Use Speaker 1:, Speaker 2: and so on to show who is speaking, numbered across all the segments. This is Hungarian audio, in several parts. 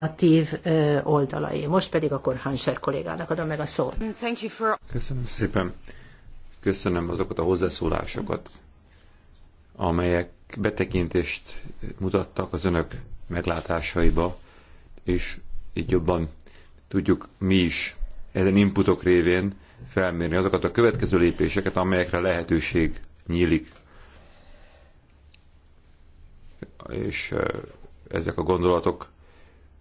Speaker 1: negatív oldalai. Most pedig akkor Hanser kollégának adom meg a szót.
Speaker 2: Köszönöm szépen. Köszönöm azokat a hozzászólásokat, amelyek betekintést mutattak az önök meglátásaiba, és így jobban tudjuk mi is ezen inputok révén felmérni azokat a következő lépéseket, amelyekre lehetőség nyílik. És ezek a gondolatok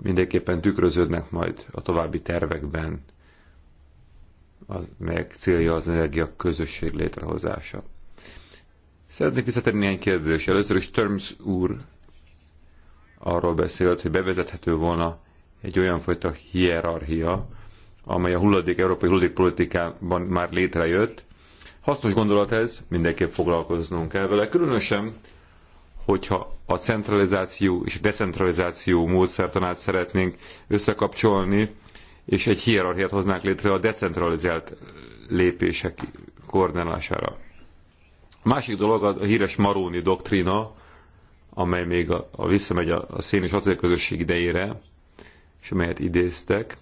Speaker 2: mindenképpen tükröződnek majd a további tervekben, melyek célja az energia közösség létrehozása. Szeretnék visszatérni néhány kérdés. Először is Terms úr arról beszélt, hogy bevezethető volna egy olyan fajta hierarchia, amely a hulladék, európai hulladékpolitikában már létrejött. Hasznos gondolat ez, mindenképp foglalkoznunk kell vele, különösen hogyha a centralizáció és decentralizáció módszertanát szeretnénk összekapcsolni, és egy hierarchiát hoznánk létre a decentralizált lépések koordinálására. A másik dolog a híres Maróni doktrína, amely még a, a visszamegy a, a szén és közösség idejére, és amelyet idéztek,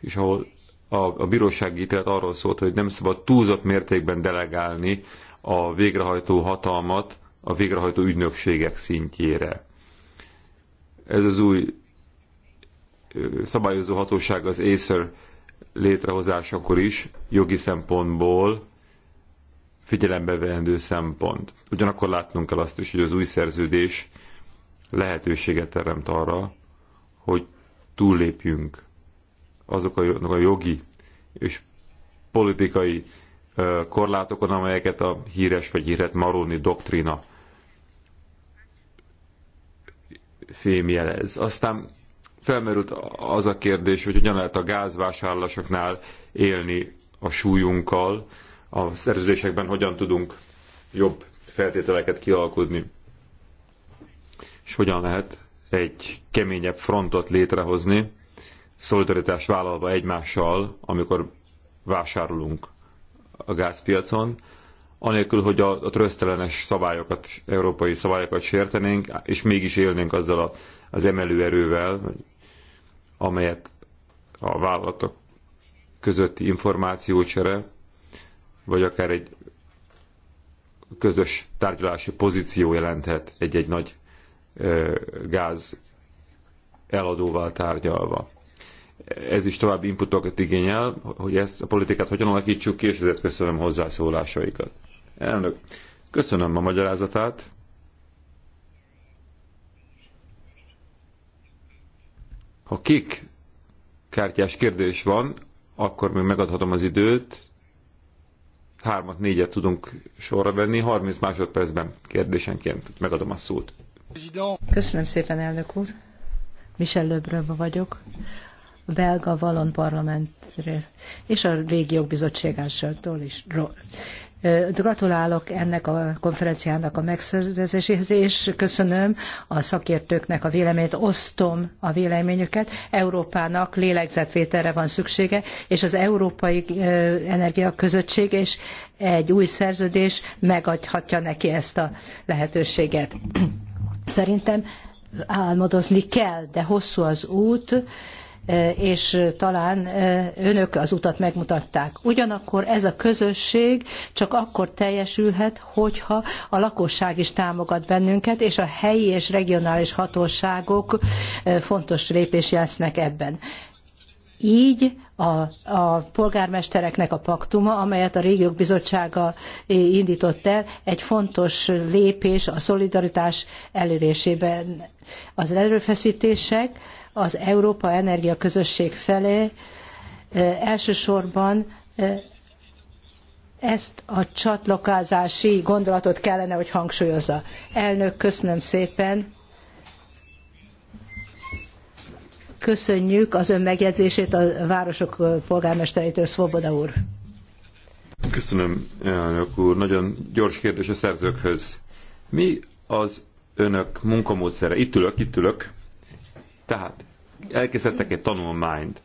Speaker 2: és ahol a, a bírósági ítélet arról szólt, hogy nem szabad túlzott mértékben delegálni a végrehajtó hatalmat a végrehajtó ügynökségek szintjére. Ez az új szabályozó hatóság az észer létrehozásakor is jogi szempontból figyelembe veendő szempont. Ugyanakkor látnunk kell azt is, hogy az új szerződés lehetőséget teremt arra, hogy túllépjünk azok a jogi és politikai korlátokon, amelyeket a híres vagy híret Maroni doktrína fémjelez. Aztán felmerült az a kérdés, hogy hogyan lehet a gázvásárlásoknál élni a súlyunkkal, a szerződésekben hogyan tudunk jobb feltételeket kialkudni, és hogyan lehet egy keményebb frontot létrehozni, szolidaritás vállalva egymással, amikor vásárolunk a gázpiacon anélkül, hogy a, a trösztelenes szabályokat, európai szabályokat sértenénk, és mégis élnénk azzal a, az emelőerővel, amelyet a vállalatok közötti információcsere, vagy akár egy közös tárgyalási pozíció jelenthet egy-egy nagy ö, gáz eladóval tárgyalva. Ez is további inputokat igényel, hogy ezt a politikát hogyan alakítsuk ki, és ezért köszönöm hozzászólásaikat. Elnök, köszönöm a magyarázatát. Ha kik kártyás kérdés van, akkor még megadhatom az időt. Hármat, négyet tudunk sorra venni, 30 másodpercben kérdésenként megadom a szót.
Speaker 1: Köszönöm szépen, elnök úr. Michel Löbröva vagyok, a belga Valon parlamentről és a régiók bizottságásától is. Gratulálok ennek a konferenciának a megszervezéséhez, és köszönöm a szakértőknek a véleményét, osztom a véleményüket. Európának lélegzetvételre van szüksége, és az Európai Energia és egy új szerződés megadhatja neki ezt a lehetőséget. Szerintem álmodozni kell, de hosszú az út, Eh, és eh, talán eh, önök az utat megmutatták. Ugyanakkor ez a közösség csak akkor teljesülhet, hogyha a lakosság is támogat bennünket, és a helyi és regionális hatóságok fontos lépést játsznak ebben. Így a, a, polgármestereknek a paktuma, amelyet a régiók bizottsága indított el, egy fontos lépés a szolidaritás elérésében. Az erőfeszítések az Európa Energia Közösség felé, elsősorban ezt a csatlakozási gondolatot kellene, hogy hangsúlyozza. Elnök, köszönöm szépen. Köszönjük az ön megjegyzését a városok polgármestereitől, Svoboda úr.
Speaker 2: Köszönöm, elnök úr. Nagyon gyors kérdés a szerzőkhöz. Mi az önök munkamódszere? Itt ülök, itt ülök. Tehát elkészítettek egy tanulmányt.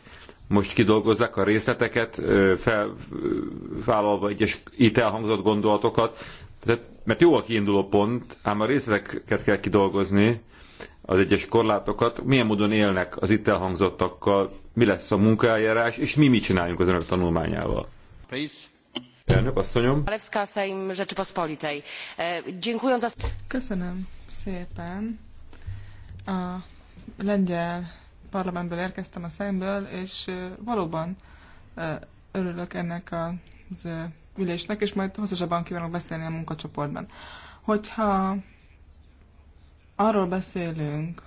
Speaker 2: Most kidolgozzák a részleteket, felvállalva egyes itt elhangzott gondolatokat, de, mert jó a kiinduló pont, ám a részleteket kell kidolgozni, az egyes korlátokat, milyen módon élnek az itt elhangzottakkal, mi lesz a munkaeljárás, és mi mit csináljunk az önök tanulmányával. Please. Elnök asszonyom.
Speaker 1: Alevská Szeim Rzeczypospolitej. E,
Speaker 3: Köszönöm szépen. A lengyel parlamentből érkeztem a szemből, és valóban örülök ennek az ülésnek, és majd hosszasabban kívánok beszélni a munkacsoportban. Hogyha arról beszélünk,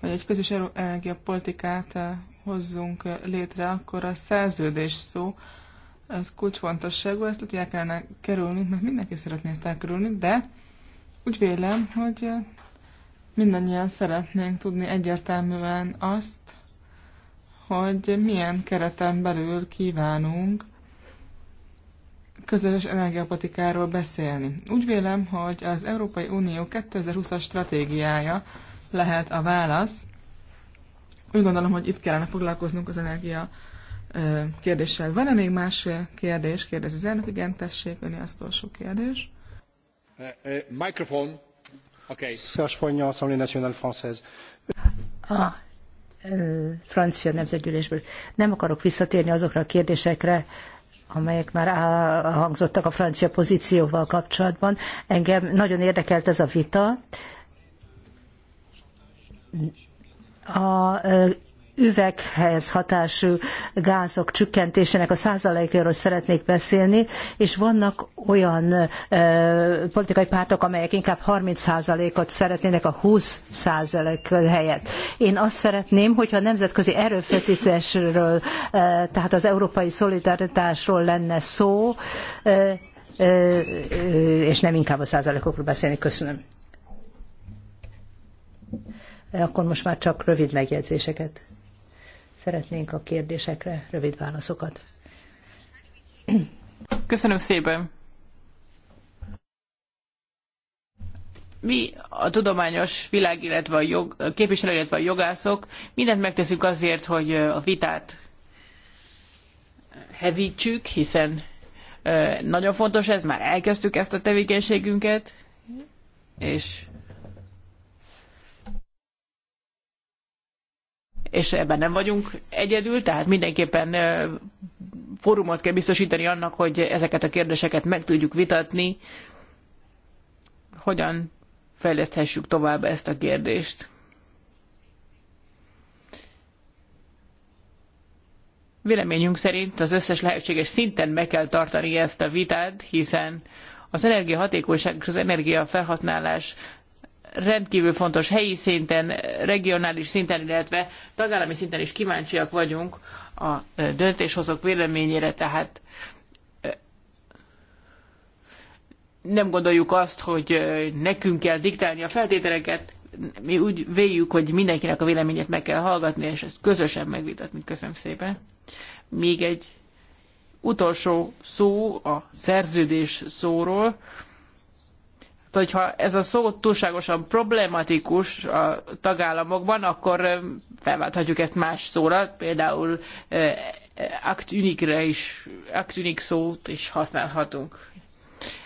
Speaker 3: hogy egy közös er- energiapolitikát hozzunk létre, akkor a szerződés szó ez kulcsfontosságú, ezt el kellene kerülni, mert mindenki szeretné ezt elkerülni, de úgy vélem, hogy mindannyian szeretnénk tudni egyértelműen azt, hogy milyen kereten belül kívánunk közös energiapatikáról beszélni. Úgy vélem, hogy az Európai Unió 2020-as stratégiája lehet a válasz. Úgy gondolom, hogy itt kellene foglalkoznunk az energia kérdéssel. Van-e még más kérdés? Kérdezi az elnök. Igen, tessék, öni az utolsó kérdés.
Speaker 1: Microphone. Okay. Serge Poignan, Assemblée nationale française. Ah, francia nemzetgyűlésből. Nem akarok visszatérni azokra a kérdésekre, amelyek már hangzottak a francia pozícióval kapcsolatban. Engem nagyon érdekelt ez a vita. A üveghez hatású gázok csökkentésének a százalékáról szeretnék beszélni, és vannak olyan politikai pártok, amelyek inkább 30 százalékot szeretnének a 20 százalék helyett. Én azt szeretném, hogyha a nemzetközi erőfeszítésről, tehát az európai szolidaritásról lenne szó, és nem inkább a százalékokról beszélni. Köszönöm. Akkor most már csak rövid megjegyzéseket. Szeretnénk a kérdésekre rövid válaszokat.
Speaker 4: Köszönöm szépen! mi a tudományos világ, illetve a jog, képviselő, illetve a jogászok mindent megteszünk azért, hogy a vitát hevítsük, hiszen nagyon fontos ez, már elkezdtük ezt a tevékenységünket, és és ebben nem vagyunk egyedül, tehát mindenképpen fórumot kell biztosítani annak, hogy ezeket a kérdéseket meg tudjuk vitatni, hogyan fejleszthessük tovább ezt a kérdést. Véleményünk szerint az összes lehetséges szinten meg kell tartani ezt a vitát, hiszen az energiahatékonyság és az energiafelhasználás rendkívül fontos helyi szinten, regionális szinten, illetve tagállami szinten is kíváncsiak vagyunk a döntéshozók véleményére, tehát nem gondoljuk azt, hogy nekünk kell diktálni a feltételeket, mi úgy véljük, hogy mindenkinek a véleményét meg kell hallgatni, és ezt közösen megvitatni. Köszönöm szépen. Még egy utolsó szó a szerződés szóról hogyha ez a szó túlságosan problematikus a tagállamokban, akkor felválthatjuk ezt más szóra, például aktünikre is, aktünik szót is használhatunk.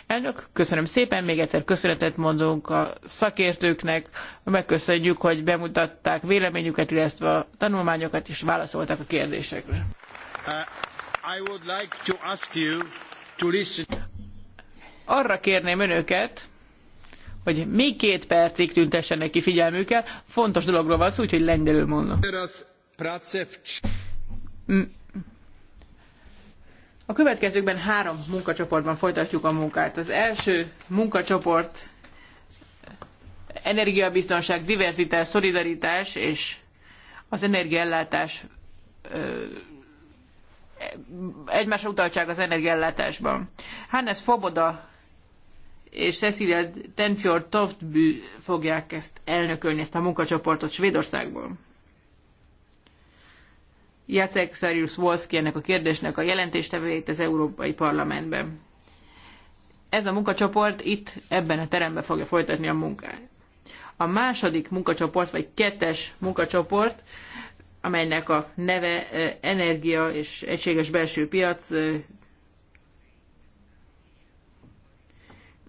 Speaker 4: Elnök, köszönöm szépen, még egyszer köszönetet mondunk a szakértőknek, megköszönjük, hogy bemutatták véleményüket, illetve a tanulmányokat, is válaszoltak a kérdésekre. Uh, like arra kérném önöket, hogy még két percig tüntessenek ki figyelmükkel. Fontos dologról van szó, úgyhogy lengyelül mondom. Mm. A következőkben három munkacsoportban folytatjuk a munkát. Az első munkacsoport energiabiztonság, diverzitás, szolidaritás és az energiaellátás egymásra utaltság az energiaellátásban. Hannes Foboda és Cecilia Tenfjord Toftbű fogják ezt elnökölni, ezt a munkacsoportot Svédországból. Jacek Szerius Wolski ennek a kérdésnek a jelentéstevőjét az Európai Parlamentben. Ez a munkacsoport itt, ebben a teremben fogja folytatni a munkát. A második munkacsoport, vagy kettes munkacsoport, amelynek a neve eh, Energia és Egységes Belső Piac eh,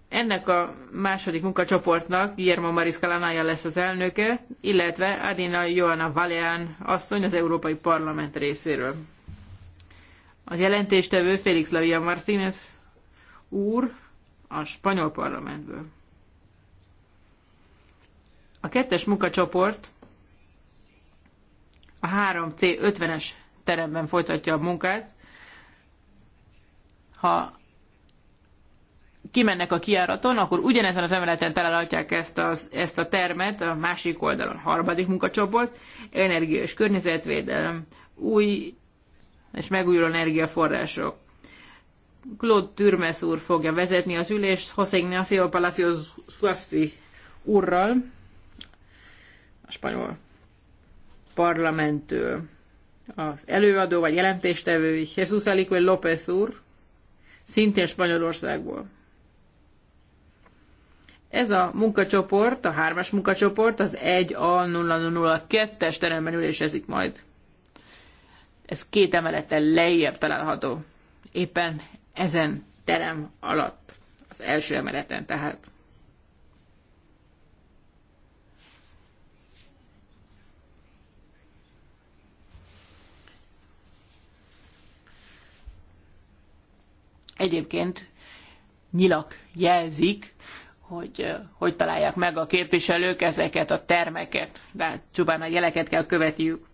Speaker 4: Ennek a második munkacsoportnak Guillermo Maris lesz az elnöke, illetve Adina Joana Valeán asszony az Európai Parlament részéről. A jelentéstevő Félix Lavia Martínez úr a spanyol parlamentből. A kettes munkacsoport a 3C50-es teremben folytatja a munkát. Ha kimennek a kiáraton, akkor ugyanezen az emeleten találhatják ezt, az, ezt a termet a másik oldalon, harmadik munkacsoport, energia és környezetvédelem, új és megújuló energiaforrások. Claude Türmes úr fogja vezetni az ülést José Ignacio Palacios Suasti úrral, a spanyol parlamenttől. Az előadó vagy jelentéstevő Jesús Aliquel López úr, szintén Spanyolországból. Ez a munkacsoport, a hármas munkacsoport az 1A002-es teremben ülésezik majd. Ez két emelettel lejjebb található. Éppen ezen terem alatt, az első emeleten tehát. Egyébként nyilak jelzik hogy hogy találják meg a képviselők ezeket a termeket, de hát csupán a jeleket kell követniük.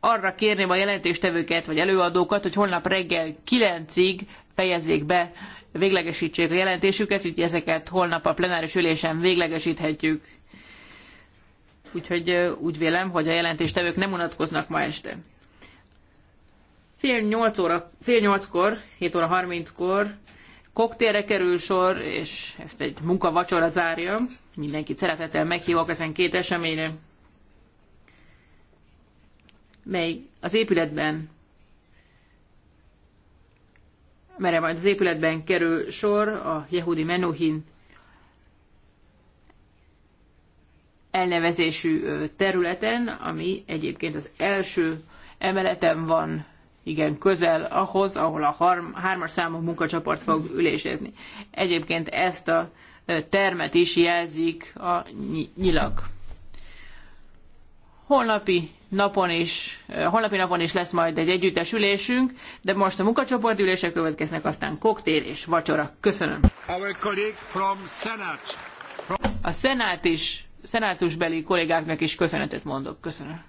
Speaker 4: Arra kérném a jelentéstevőket vagy előadókat, hogy holnap reggel 9-ig fejezzék be, véglegesítsék a jelentésüket, így ezeket holnap a plenáris ülésen véglegesíthetjük. Úgyhogy úgy vélem, hogy a jelentéstevők nem unatkoznak ma este. Fél nyolc óra, fél nyolckor, 7 óra 30-kor koktélre kerül sor, és ezt egy munkavacsora zárja. Mindenkit szeretettel meghívok ezen két eseményre, mely az épületben merre majd az épületben kerül sor a Yehudi Menuhin elnevezésű területen, ami egyébként az első emeleten van igen közel ahhoz, ahol a harm, hármas számú munkacsoport fog ülésezni. Egyébként ezt a termet is jelzik a nyilak. Holnapi napon is, holnapi napon is lesz majd egy együttes ülésünk, de most a munkacsoport ülése következnek, aztán koktél és vacsora. Köszönöm. A szenát is, szenátusbeli kollégáknak is köszönetet mondok. Köszönöm.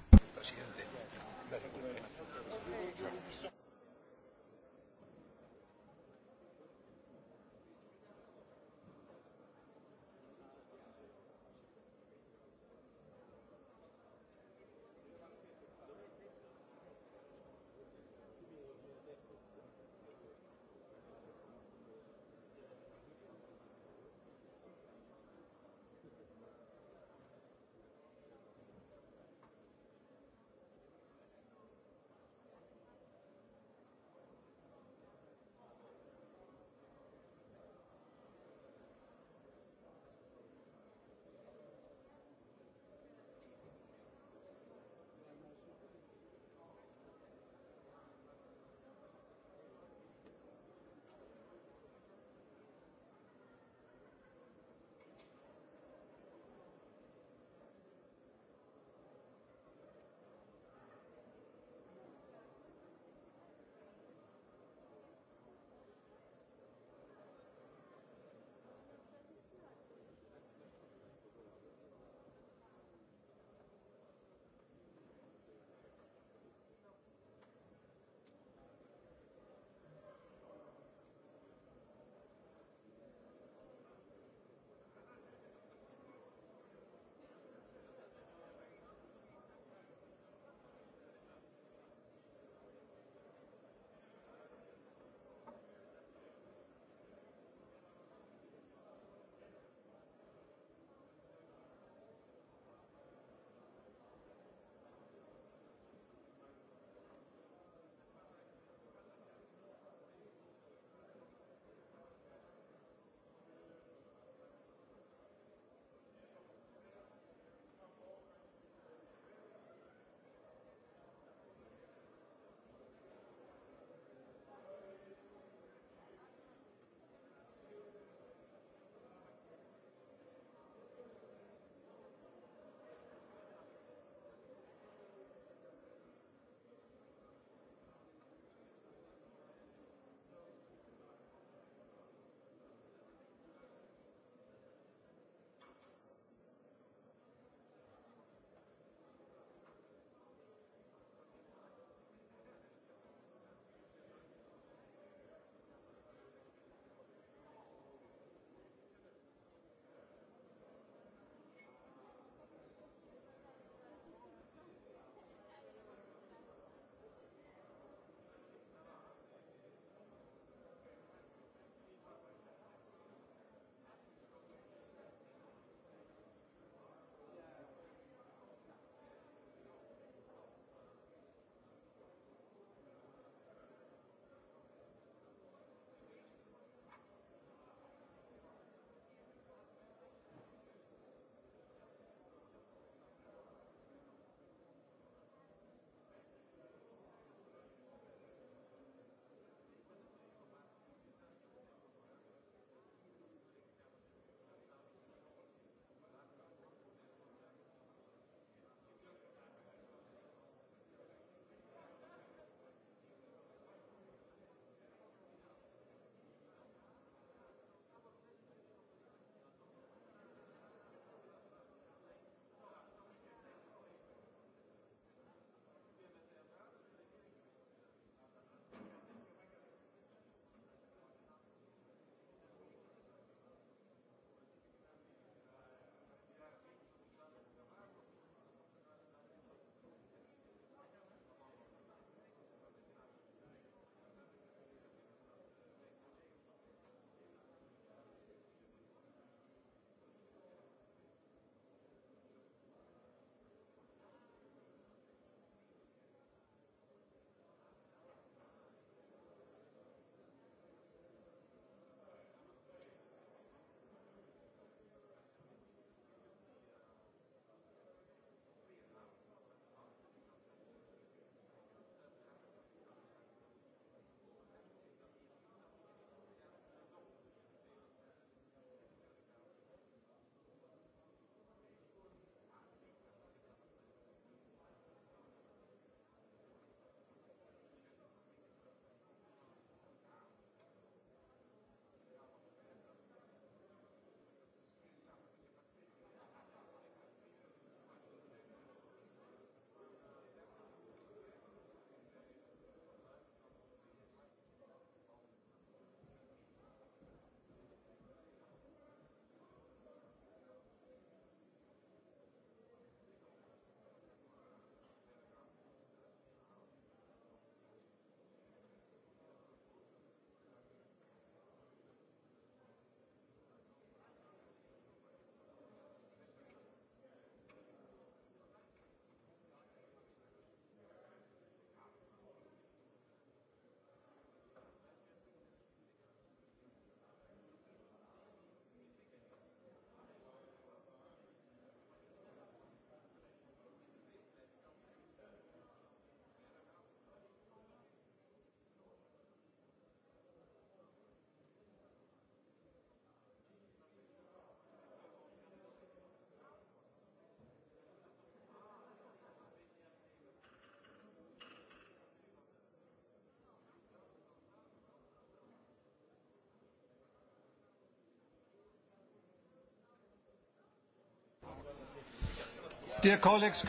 Speaker 2: Kedves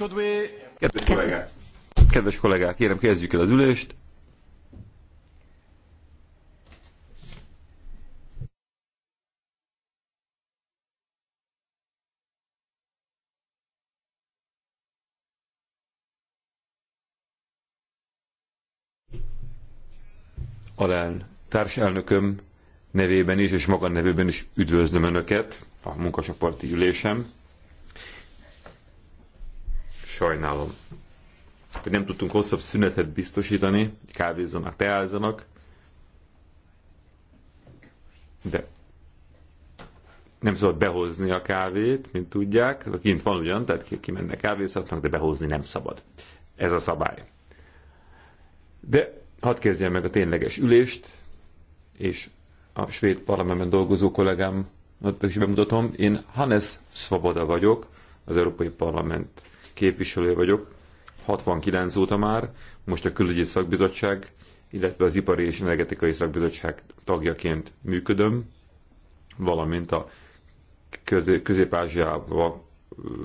Speaker 2: kollégák, kedves kollégák, kérem kezdjük el az ülést. Alán társelnököm nevében is, és magam nevében is üdvözlöm Önöket a munkacsoporti ülésem. Sajnálom, hogy nem tudtunk hosszabb szünetet biztosítani, hogy kávézzanak, teázzanak, de nem szabad behozni a kávét, mint tudják. Kint van ugyan, tehát kimennek kávézhatnak, de behozni nem szabad. Ez a szabály. De hadd kezdjem meg a tényleges ülést, és a svéd parlamentben dolgozó kollégám is bemutatom. Én Hannes Svoboda vagyok, az Európai Parlament képviselő vagyok, 69 óta már, most a külügyi szakbizottság, illetve az ipari és energetikai szakbizottság tagjaként működöm, valamint a közép-ázsiával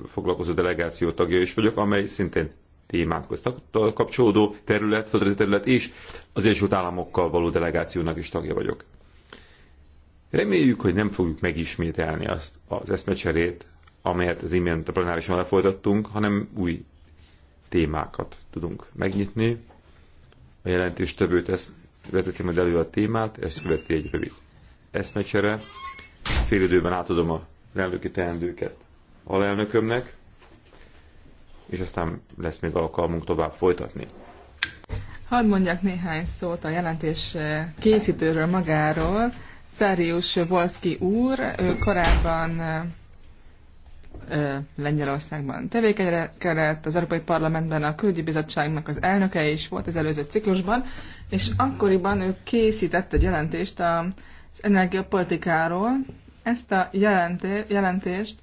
Speaker 2: foglalkozó delegáció tagja is vagyok, amely szintén témánkhoz kapcsolódó terület, földrajzi terület és az Egyesült Államokkal való delegációnak is tagja vagyok. Reméljük, hogy nem fogjuk megismételni azt az eszmecserét, amelyet az imént a plenárisan lefolytattunk, hanem új témákat tudunk megnyitni. A jelentéstevőt ezt vezeti majd elő a témát, ezt követi egy rövid eszmecsere. Fél időben átadom a elnöki teendőket lelnökömnek, és aztán lesz még alkalmunk tovább folytatni.
Speaker 3: Hadd mondjak néhány szót a jelentés készítőről magáról. Szárius Volszki úr, ő korábban Lengyelországban tevékenykedett, az Európai Parlamentben a Külügyi Bizottságnak az elnöke is volt az előző ciklusban, és akkoriban ő készített egy jelentést az energiapolitikáról. Ezt a jelenté- jelentést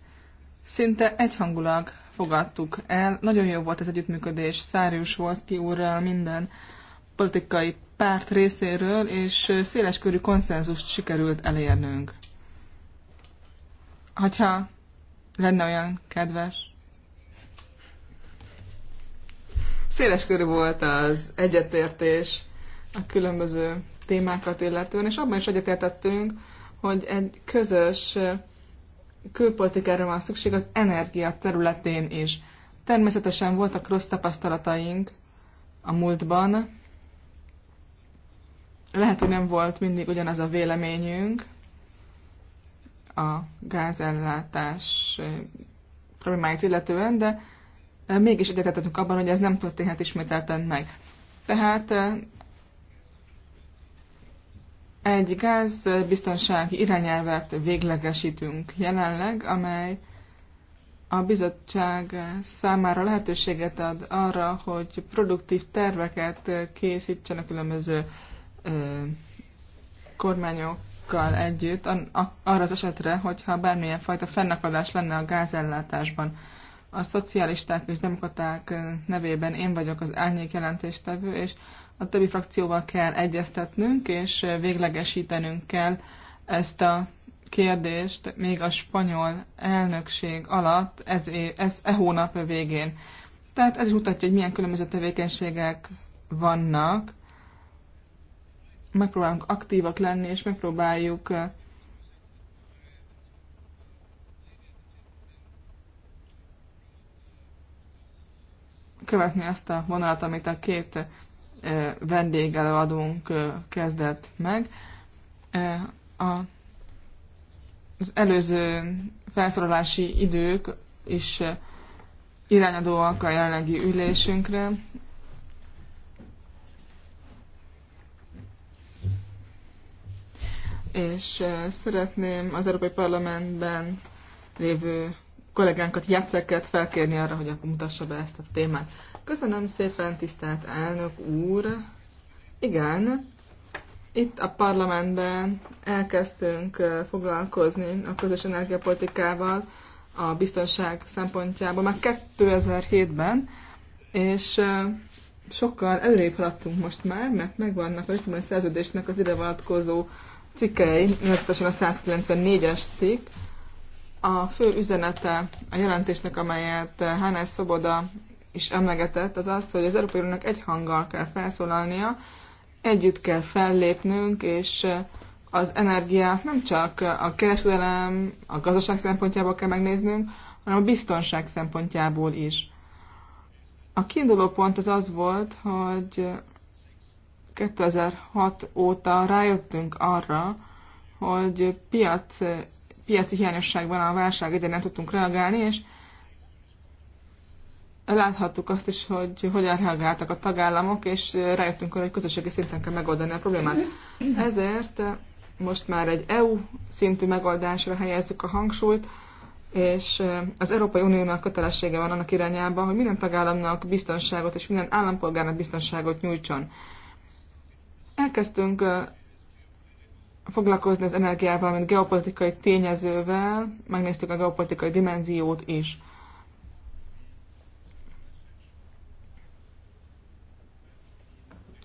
Speaker 3: szinte egyhangulag fogadtuk el. Nagyon jó volt az együttműködés Szárius Volszki úrral minden politikai párt részéről, és széleskörű konszenzust sikerült elérnünk. Hogyha lenne olyan kedves. Széles körű volt az egyetértés a különböző témákat illetően, és abban is egyetértettünk, hogy egy közös külpolitikára van szükség az energia területén is. Természetesen voltak rossz tapasztalataink a múltban, lehet, hogy nem volt mindig ugyanaz a véleményünk, a gázellátás problémáit illetően, de mégis egyetetettünk abban, hogy ez nem történhet ismételten meg. Tehát egy gázbiztonsági irányelvet véglegesítünk jelenleg, amely a bizottság számára lehetőséget ad arra, hogy produktív terveket készítsen a különböző kormányok másokkal együtt arra az esetre, hogyha bármilyen fajta fennakadás lenne a gázellátásban. A szocialisták és demokraták nevében én vagyok az árnyék jelentéstevő, és a többi frakcióval kell egyeztetnünk, és véglegesítenünk kell ezt a kérdést még a spanyol elnökség alatt, ez, ez e hónap végén. Tehát ez is mutatja, hogy milyen különböző tevékenységek vannak, megpróbálunk aktívak lenni, és megpróbáljuk követni azt a vonalat, amit a két vendégelőadónk kezdett meg. A, az előző felszorolási idők is irányadóak a jelenlegi ülésünkre, és szeretném az Európai Parlamentben lévő kollégánkat, játszeket felkérni arra, hogy akkor mutassa be ezt a témát. Köszönöm szépen, tisztelt elnök úr! Igen, itt a parlamentben elkezdtünk foglalkozni a közös energiapolitikával a biztonság szempontjából már 2007-ben, és sokkal előrébb haladtunk most már, mert megvannak a szerződésnek az ide vonatkozó cikkei, nevezetesen a 194-es cikk, a fő üzenete a jelentésnek, amelyet Hánás Szoboda is emlegetett, az az, hogy az Európai Uniónak egy hanggal kell felszólalnia, együtt kell fellépnünk, és az energiát nem csak a kereskedelem, a gazdaság szempontjából kell megnéznünk, hanem a biztonság szempontjából is. A kiinduló pont az az volt, hogy 2006 óta rájöttünk arra, hogy piac, piaci hiányosság van a válság ide nem tudtunk reagálni, és láthattuk azt is, hogy hogyan reagáltak a tagállamok, és rájöttünk arra, hogy közösségi szinten kell megoldani a problémát. Ezért most már egy EU szintű megoldásra helyezzük a hangsúlyt, és az Európai Uniónak kötelessége van annak irányába, hogy minden tagállamnak biztonságot és minden állampolgárnak biztonságot nyújtson. Elkezdtünk foglalkozni az energiával, mint geopolitikai tényezővel, megnéztük a geopolitikai dimenziót is.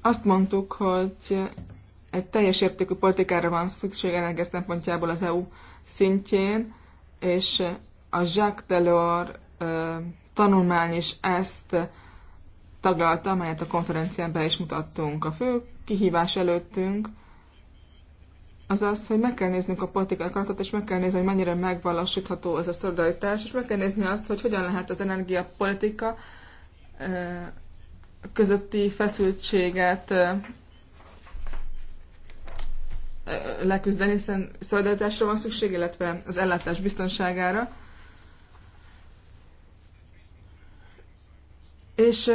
Speaker 3: Azt mondtuk, hogy egy teljes értékű politikára van szükség energia szempontjából az EU szintjén, és a Jacques Delors tanulmány is ezt taglalta, amelyet a konferencián be is mutattunk. A fő kihívás előttünk, az az, hogy meg kell néznünk a politikai akaratot, és meg kell nézni, hogy mennyire megvalósítható ez a szolidaritás, és meg kell nézni azt, hogy hogyan lehet az energiapolitika közötti feszültséget leküzdeni, hiszen szolidaritásra van szükség, illetve az ellátás biztonságára. És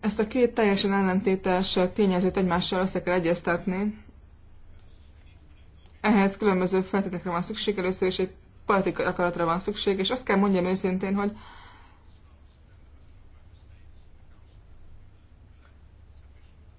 Speaker 3: ezt a két teljesen ellentétes tényezőt egymással össze kell egyeztetni. Ehhez különböző feltételekre van szükség, először is egy politikai akaratra van szükség, és azt kell mondjam őszintén, hogy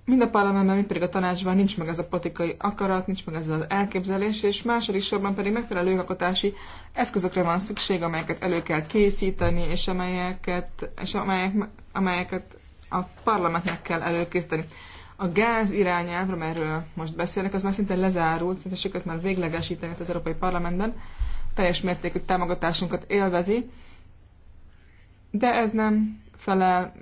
Speaker 3: mind a parlamentben, mind pedig a tanácsban nincs meg ez a politikai akarat, nincs meg ez az elképzelés, és második sorban pedig megfelelő jogalkotási eszközökre van szükség, amelyeket elő kell készíteni, és amelyeket, és amelyek, amelyeket a parlamentnek kell előkészíteni. A gáz irányelv, amelyről most beszélnek, az már szinte lezárult, szinte sikerült már véglegesíteni az Európai Parlamentben, teljes mértékű támogatásunkat élvezi, de ez nem felel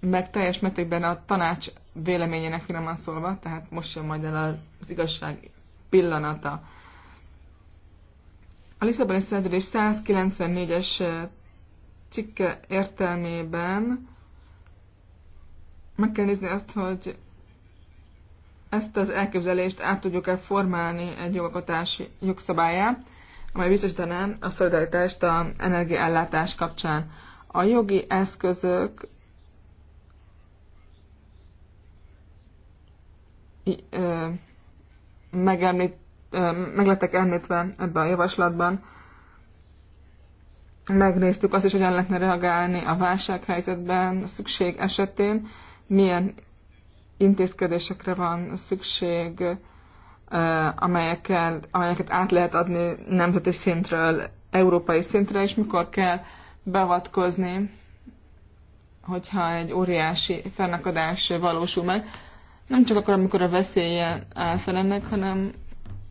Speaker 3: meg teljes mértékben a tanács véleményének van szólva, tehát most jön majd el az igazság pillanata. A Lisszaboni Szerződés 194-es cikke értelmében meg kell nézni azt, hogy ezt az elképzelést át tudjuk-e formálni egy jogalkotási jogszabályá, amely biztosítaná a szolidaritást a energiaellátás kapcsán. A jogi eszközök megemlít, meg lettek említve ebben a javaslatban. Megnéztük azt is, hogyan lehetne reagálni a válsághelyzetben, a szükség esetén, milyen intézkedésekre van szükség, eh, amelyekkel, amelyeket át lehet adni nemzeti szintről, európai szintre, és mikor kell beavatkozni, hogyha egy óriási fennakadás valósul meg. Nem csak akkor, amikor a veszélye áll fel ennek, hanem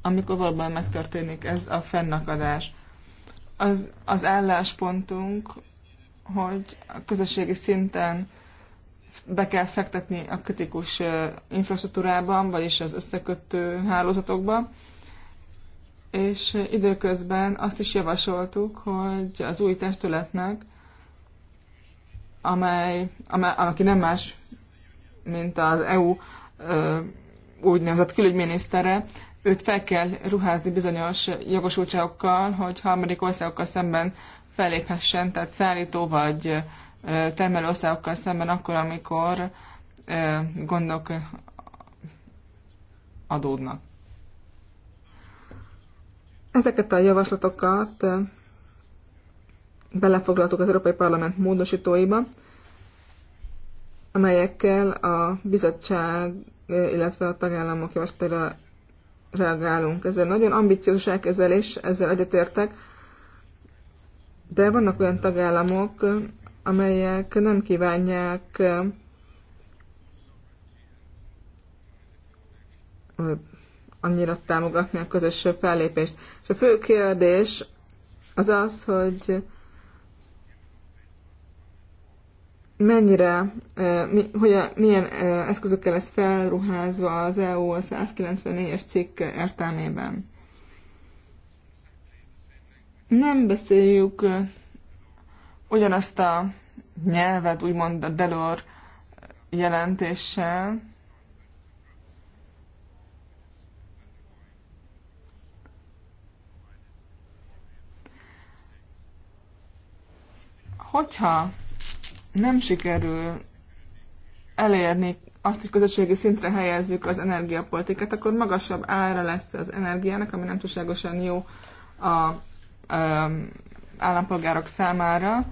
Speaker 3: amikor valóban megtörténik ez a fennakadás. Az, az álláspontunk, hogy a közösségi szinten be kell fektetni a kritikus infrastruktúrában, vagyis az összekötő hálózatokban. És időközben azt is javasoltuk, hogy az új testületnek, amely, amely aki nem más, mint az EU úgynevezett külügyminisztere, őt fel kell ruházni bizonyos jogosultságokkal, hogy harmadik országokkal szemben felléphessen, tehát szállító vagy termelő országokkal szemben akkor, amikor gondok adódnak. Ezeket a javaslatokat belefoglaltuk az Európai Parlament módosítóiba, amelyekkel a bizottság, illetve a tagállamok javaslatára reagálunk. Ez egy nagyon ambiciózus elkezelés, ezzel egyetértek, de vannak olyan tagállamok, amelyek nem kívánják annyira támogatni a közös fellépést. És a fő kérdés az az, hogy mennyire, mi, a, milyen eszközökkel lesz felruházva az EU 194-es cikk értelmében. Nem beszéljük ugyanazt a nyelvet, úgymond a Delor jelentéssel, hogyha nem sikerül elérni azt, hogy közösségi szintre helyezzük az energiapolitikát, akkor magasabb ára lesz az energiának, ami nem túlságosan jó a, a állampolgárok számára.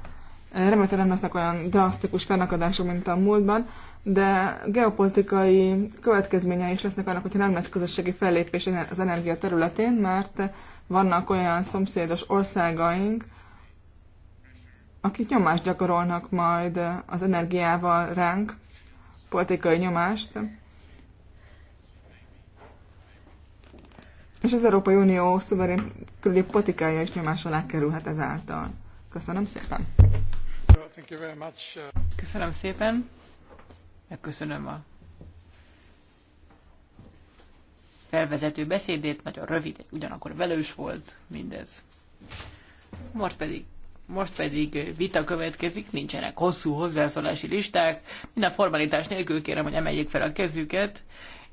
Speaker 3: Remélhetően lesznek olyan drasztikus fennakadások, mint a múltban, de geopolitikai következményei is lesznek annak, hogyha nem lesz közösségi fellépés az energia területén, mert vannak olyan szomszédos országaink, akik nyomást gyakorolnak majd az energiával ránk, politikai nyomást, és az Európai Unió szuverén külügyi politikája is nyomás alá kerülhet ezáltal. Köszönöm szépen!
Speaker 4: Köszönöm szépen! Megköszönöm a felvezető beszédét, nagyon rövid, ugyanakkor velős volt mindez. Most pedig, most pedig vita következik, nincsenek hosszú hozzászólási listák. Minden formalitás nélkül kérem, hogy emeljék fel a kezüket,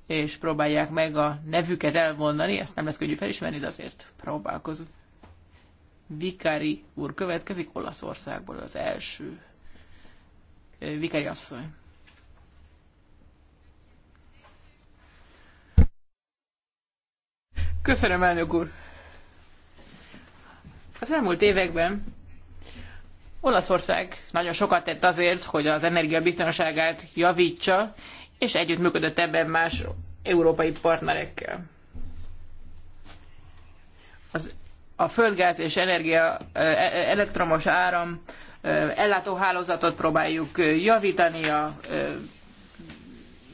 Speaker 4: és próbálják meg a nevüket elmondani, ezt nem lesz könnyű felismerni, de azért próbálkozunk. Vikári úr következik Olaszországból az első. Vikári asszony. Köszönöm, elnök úr! Az elmúlt években Olaszország nagyon sokat tett azért, hogy az energiabiztonságát javítsa, és együttműködött ebben más európai partnerekkel. Az, a földgáz és energia, e, e, elektromos áram ellátóhálózatot próbáljuk javítani, a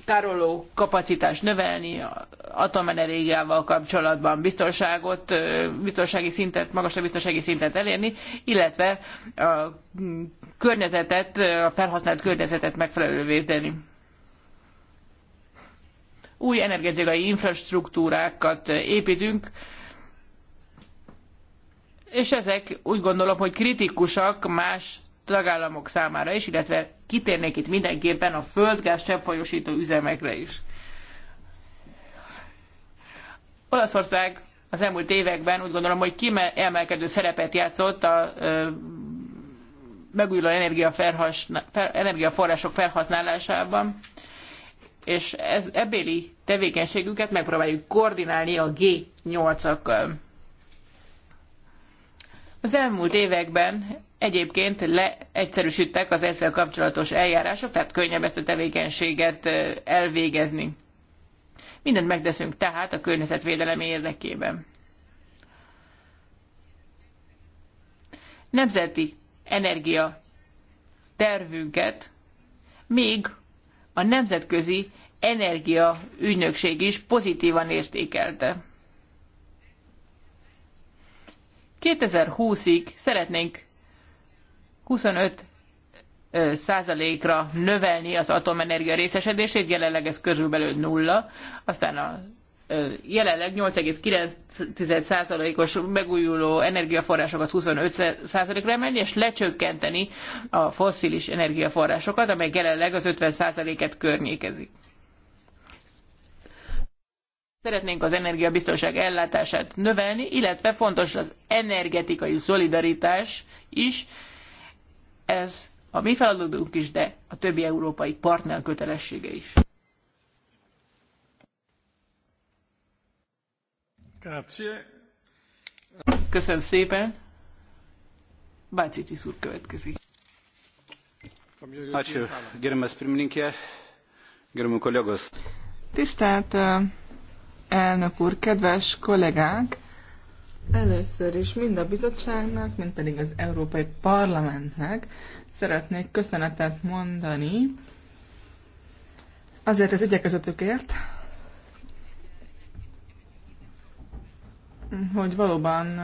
Speaker 4: tároló kapacitást növelni, atomenergiával kapcsolatban biztonságot, biztonsági szintet, magasabb biztonsági szintet elérni, illetve a környezetet, a felhasznált környezetet megfelelővé tenni új energetikai infrastruktúrákat építünk, és ezek úgy gondolom, hogy kritikusak más tagállamok számára is, illetve kitérnék itt mindenképpen a földgáz cseppfolyósító üzemekre is. Olaszország az elmúlt években úgy gondolom, hogy kiemelkedő szerepet játszott a megújuló energiaforrások felhasználásában és ez ebéli tevékenységüket megpróbáljuk koordinálni a G8-akkal. Az elmúlt években egyébként leegyszerűsítettek az ezzel kapcsolatos eljárások, tehát könnyebb ezt a tevékenységet elvégezni. Mindent megteszünk tehát a környezetvédelem érdekében. Nemzeti energia tervünket még a Nemzetközi Energia Ügynökség is pozitívan értékelte. 2020-ig szeretnénk 25 százalékra növelni az atomenergia részesedését, jelenleg ez körülbelül nulla, aztán a jelenleg 8,9%-os megújuló energiaforrásokat 25%-ra emelni, és lecsökkenteni a fosszilis energiaforrásokat, amely jelenleg az 50%-et környékezik. Szeretnénk az energiabiztonság ellátását növelni, illetve fontos az energetikai szolidaritás is. Ez a mi feladatunk is, de a többi európai partner kötelessége is. Köszönöm szépen. Bácsitis úr következik. Ačiū, gerbiamas pirmininkė, gerbiamų kolegos.
Speaker 3: Tisztelt elnök úr, kedves kollégák! Először is mind a bizottságnak, mind pedig az Európai Parlamentnek szeretnék köszönetet mondani azért az igyekezetükért, hogy valóban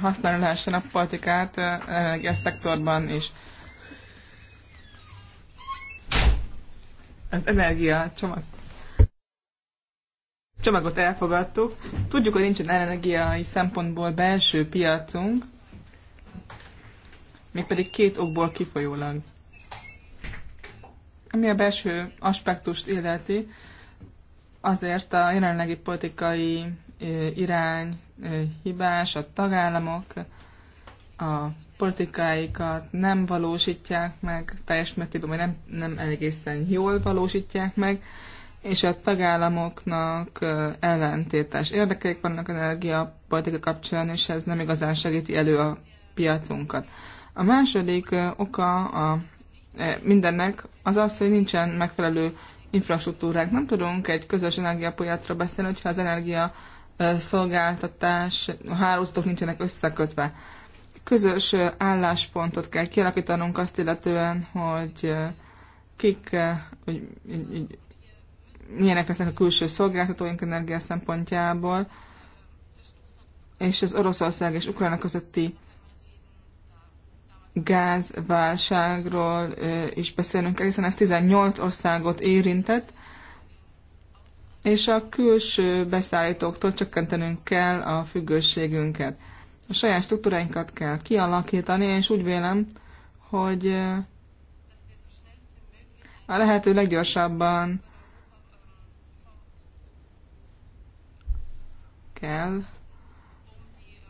Speaker 3: használni lehessen a politikát a e szektorban is. Az energia csomag csomagot elfogadtuk. Tudjuk, hogy nincsen energiai szempontból belső piacunk, mégpedig két okból kifolyólag. Ami a belső aspektust illeti, azért a jelenlegi politikai irány hibás, a tagállamok a politikáikat nem valósítják meg teljes mértékben, vagy nem, nem egészen jól valósítják meg, és a tagállamoknak ellentétes érdekeik vannak energiapolitika kapcsán, és ez nem igazán segíti elő a piacunkat. A második oka a mindennek az az, hogy nincsen megfelelő infrastruktúrák. Nem tudunk egy közös energiapiacra beszélni, hogyha az energia szolgáltatás, a hálózatok nincsenek összekötve. Közös álláspontot kell kialakítanunk azt illetően, hogy kik, hogy, hogy, hogy milyenek lesznek a külső szolgáltatóink energia szempontjából, és az Oroszország és Ukrajna közötti gázválságról is beszélünk, hiszen ez 18 országot érintett, és a külső beszállítóktól csökkentenünk kell a függőségünket. A saját struktúráinkat kell kialakítani, és úgy vélem, hogy eh, a lehető leggyorsabban kell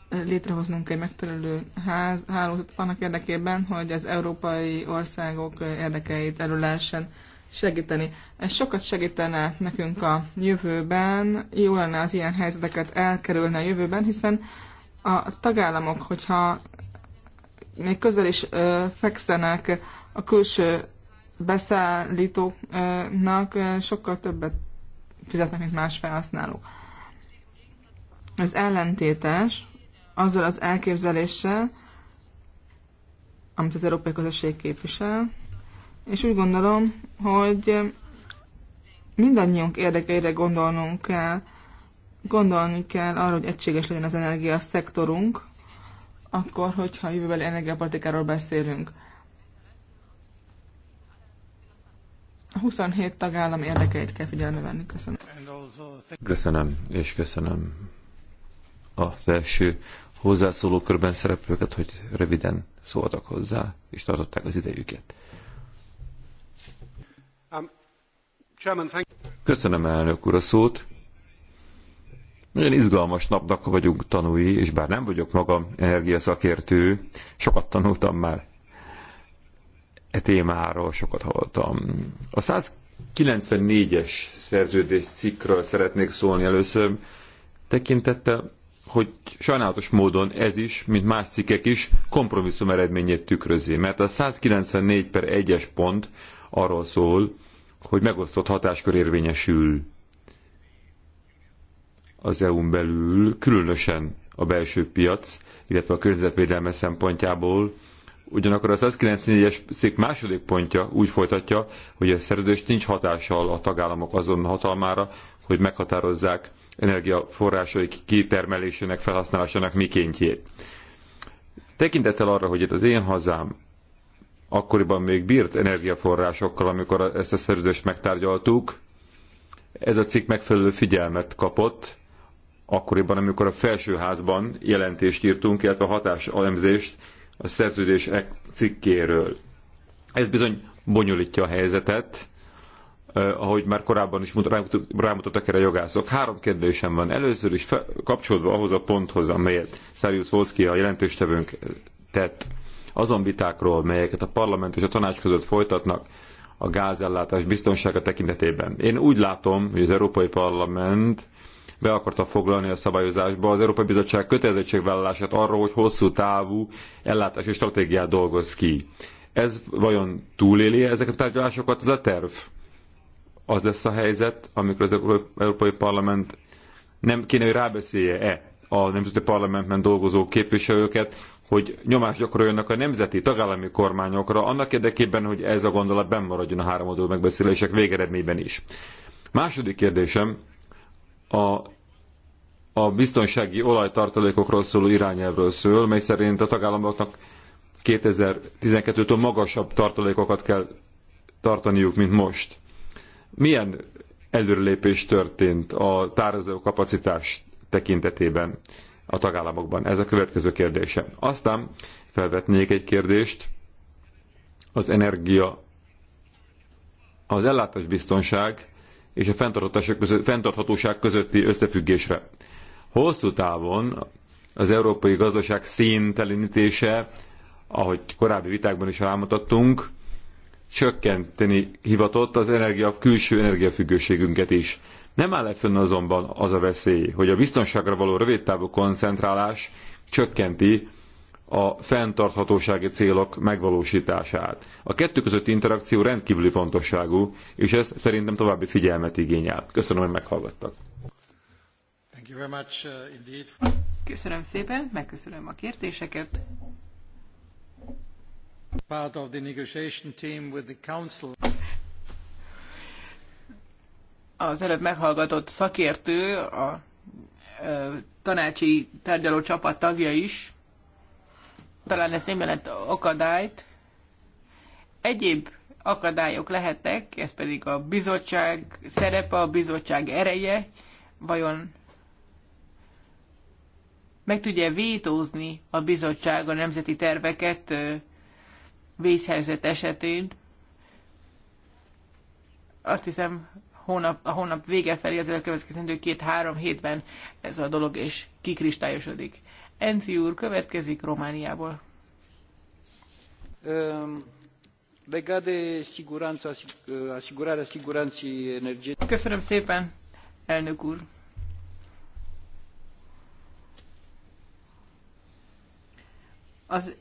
Speaker 3: létrehoznunk egy megfelelő ház, hálózat annak érdekében, hogy az európai országok érdekeit elő lehessen segíteni. Ez sokat segítene nekünk a jövőben, jó lenne az ilyen helyzeteket elkerülni a jövőben, hiszen a tagállamok, hogyha még közel is ö, fekszenek a külső beszállítóknak, sokkal többet fizetnek, mint más felhasználók. Ez ellentétes azzal az elképzeléssel, amit az Európai Közösség képvisel, és úgy gondolom, hogy mindannyiunk érdekeire gondolnunk kell, gondolni kell arra, hogy egységes legyen az energia szektorunk, akkor, hogyha jövőbeli energiapolitikáról beszélünk. A 27 tagállam érdekeit kell figyelme venni. Köszönöm.
Speaker 2: Köszönöm, és köszönöm az első körben szereplőket, hogy röviden szóltak hozzá, és tartották az idejüket. Köszönöm elnök úr a szót. Nagyon izgalmas napnak vagyunk tanúi, és bár nem vagyok magam energiaszakértő, sokat tanultam már e témáról, sokat hallottam. A 194-es szerződés cikkről szeretnék szólni először, tekintettel, hogy sajnálatos módon ez is, mint más cikkek is, kompromisszum eredményét tükrözi, mert a 194 per 1-es pont arról szól, hogy megosztott hatáskör érvényesül az EU-n belül, különösen a belső piac, illetve a környezetvédelme szempontjából. Ugyanakkor az 194-es szék második pontja úgy folytatja, hogy a szerződés nincs hatással a tagállamok azon hatalmára, hogy meghatározzák energiaforrásaik kitermelésének, felhasználásának mikéntjét. Tekintettel arra, hogy az én hazám akkoriban még bírt energiaforrásokkal, amikor ezt a szerződést megtárgyaltuk. Ez a cikk megfelelő figyelmet kapott, akkoriban, amikor a felsőházban jelentést írtunk, illetve hatásalemzést a szerződés e cikkéről. Ez bizony bonyolítja a helyzetet, ahogy már korábban is rámutattak erre a jogászok. Három kérdésem van. Először is fel, kapcsolódva ahhoz a ponthoz, amelyet Szerius Volszki a jelentéstevőnk tett azon vitákról, melyeket a parlament és a tanács között folytatnak a gázellátás biztonsága tekintetében. Én úgy látom, hogy az Európai Parlament be akarta foglalni a szabályozásba az Európai Bizottság kötelezettségvállalását arról, hogy hosszú távú ellátási stratégiát dolgoz ki. Ez vajon túléli -e ezeket a tárgyalásokat, ez a terv? Az lesz a helyzet, amikor az Európai Parlament nem kéne, hogy rábeszélje-e a nemzeti parlamentben dolgozó képviselőket hogy nyomást gyakoroljanak a nemzeti tagállami kormányokra, annak érdekében, hogy ez a gondolat bennmaradjon a háromadó megbeszélések végeredményben is. Második kérdésem a, a biztonsági olajtartalékokról szóló irányelvről szól, mely szerint a tagállamoknak 2012-től magasabb tartalékokat kell tartaniuk, mint most. Milyen előrelépés történt a tározó kapacitás tekintetében? a tagállamokban. Ez a következő kérdése. Aztán felvetnék egy kérdést, az energia, az ellátás biztonság és a fenntarthatóság közötti összefüggésre. Hosszú távon az európai gazdaság színtelenítése, ahogy korábbi vitákban is rámutattunk, csökkenteni hivatott az energia, külső energiafüggőségünket is. Nem áll fönn azonban az a veszély, hogy a biztonságra való rövidtávú koncentrálás csökkenti a fenntarthatósági célok megvalósítását. A kettő közötti interakció rendkívüli fontosságú, és ez szerintem további figyelmet igényel. Köszönöm, hogy meghallgattak.
Speaker 4: Uh, Köszönöm szépen, megköszönöm a kérdéseket az előbb meghallgatott szakértő, a tanácsi tárgyaló csapat tagja is, talán ez nem jelent akadályt. Egyéb akadályok lehetnek, ez pedig a bizottság szerepe, a bizottság ereje, vajon meg tudja vétózni a bizottság a nemzeti terveket vészhelyzet esetén. Azt hiszem, hónap, a hónap vége felé, az elkövetkezendő két-három hétben ez a dolog és kikristályosodik. Enci úr következik Romániából. Um, Köszönöm szépen, elnök úr. Az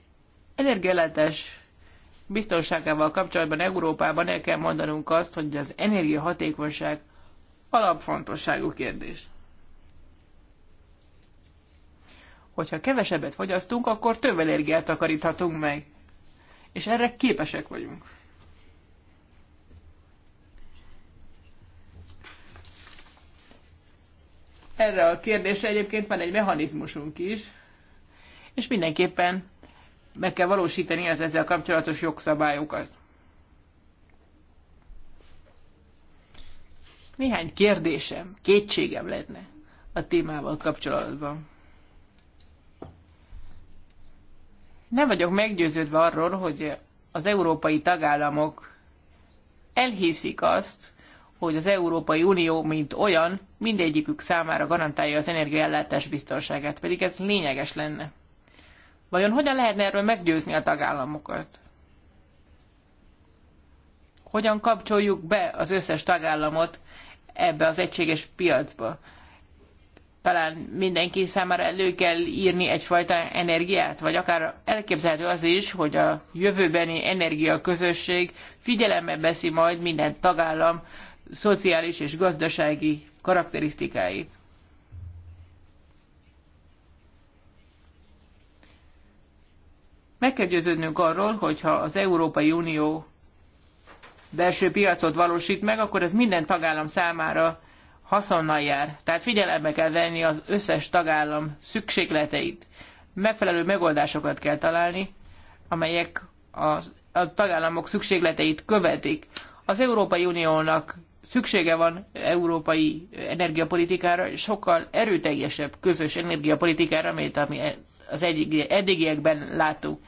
Speaker 4: energiállátás biztonságával kapcsolatban Európában el kell mondanunk azt, hogy az energiahatékonyság alapfontosságú kérdés. Hogyha kevesebbet fogyasztunk, akkor több energiát takaríthatunk meg. És erre képesek vagyunk. Erre a kérdésre egyébként van egy mechanizmusunk is, és mindenképpen meg kell valósítani az ezzel kapcsolatos jogszabályokat. Néhány kérdésem, kétségem lenne a témával kapcsolatban. Nem vagyok meggyőződve arról, hogy az európai tagállamok elhiszik azt, hogy az Európai Unió, mint olyan, mindegyikük számára garantálja az energiaellátás biztonságát, pedig ez lényeges lenne. Vajon hogyan lehetne erről meggyőzni a tagállamokat? Hogyan kapcsoljuk be az összes tagállamot ebbe az egységes piacba? Talán mindenki számára elő kell írni egyfajta energiát, vagy akár elképzelhető az is, hogy a jövőbeni energiaközösség figyelembe veszi majd minden tagállam szociális és gazdasági karakterisztikáit. Meg kell győződnünk arról, hogyha az Európai Unió belső piacot valósít meg, akkor ez minden tagállam számára haszonnal jár. Tehát figyelembe kell venni az összes tagállam szükségleteit. Megfelelő megoldásokat kell találni, amelyek a, a tagállamok szükségleteit követik. Az Európai Uniónak szüksége van európai energiapolitikára, sokkal erőteljesebb közös energiapolitikára, mint ami az eddigiekben láttuk.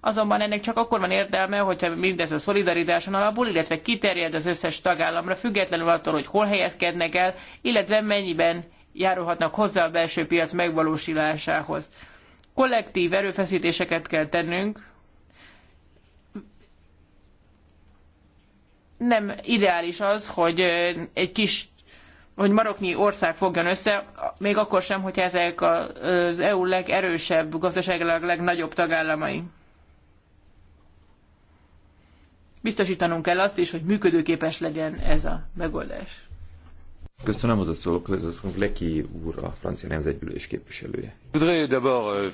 Speaker 4: Azonban ennek csak akkor van értelme, hogyha mindez a szolidaritáson alapul, illetve kiterjed az összes tagállamra, függetlenül attól, hogy hol helyezkednek el, illetve mennyiben járulhatnak hozzá a belső piac megvalósulásához. Kollektív erőfeszítéseket kell tennünk, nem ideális az, hogy egy kis hogy maroknyi ország fogjon össze, még akkor sem, hogyha ezek az EU legerősebb, gazdaságilag legnagyobb tagállamai. Biztosítanunk kell azt is, hogy működőképes legyen ez a megoldás.
Speaker 2: Köszönöm az a szó, köszönöm Leki úr, a francia nemzetgyűlés képviselője. Euh,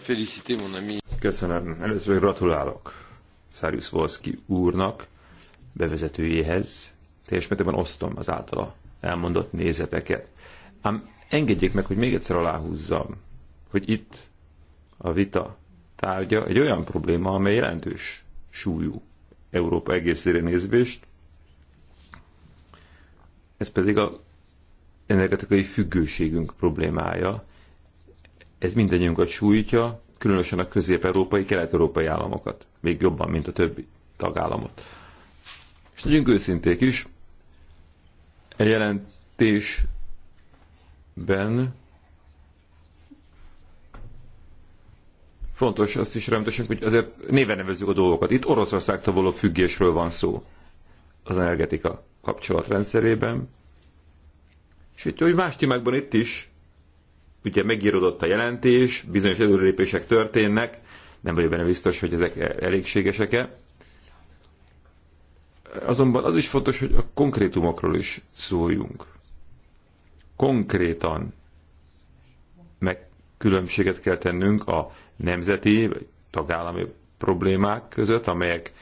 Speaker 2: köszönöm, először gratulálok Szárius Volszki úrnak bevezetőjéhez. Teljes mértékben osztom az általa elmondott nézeteket. Ám engedjék meg, hogy még egyszer aláhúzzam, hogy itt a vita tárgya egy olyan probléma, amely jelentős súlyú Európa egészére nézvést, ez pedig a energetikai függőségünk problémája. Ez mindannyiunkat sújtja, különösen a közép-európai, kelet-európai államokat, még jobban, mint a többi tagállamot. És legyünk őszinték is, a jelentésben fontos azt is rámutasunk, hogy azért néven nevezzük a dolgokat. Itt Oroszországtól való függésről van szó az energetika kapcsolatrendszerében. És itt, hogy más témákban itt is, ugye megírodott a jelentés, bizonyos előrelépések történnek, nem vagyok benne biztos, hogy ezek elégségesek-e. Azonban az is fontos, hogy a konkrétumokról is szóljunk. Konkrétan meg különbséget kell tennünk a nemzeti vagy tagállami problémák között, amelyek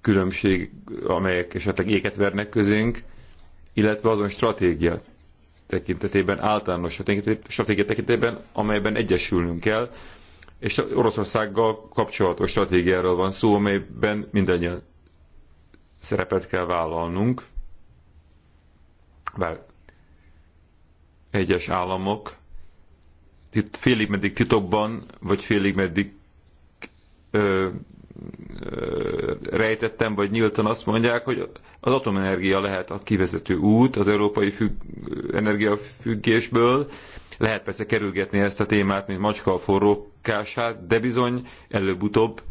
Speaker 2: különbség, amelyek esetleg éket vernek közénk, illetve azon stratégia tekintetében, általános stratégia tekintetében, amelyben egyesülnünk kell, és Oroszországgal kapcsolatos stratégiáról van szó, amelyben mindannyian szerepet kell vállalnunk, bár egyes államok félig meddig titokban, vagy félig meddig ö, ö, rejtettem, vagy nyíltan azt mondják, hogy az atomenergia lehet a kivezető út az európai függ, energiafüggésből. Lehet persze kerülgetni ezt a témát, mint macska a forrókását, de bizony előbb-utóbb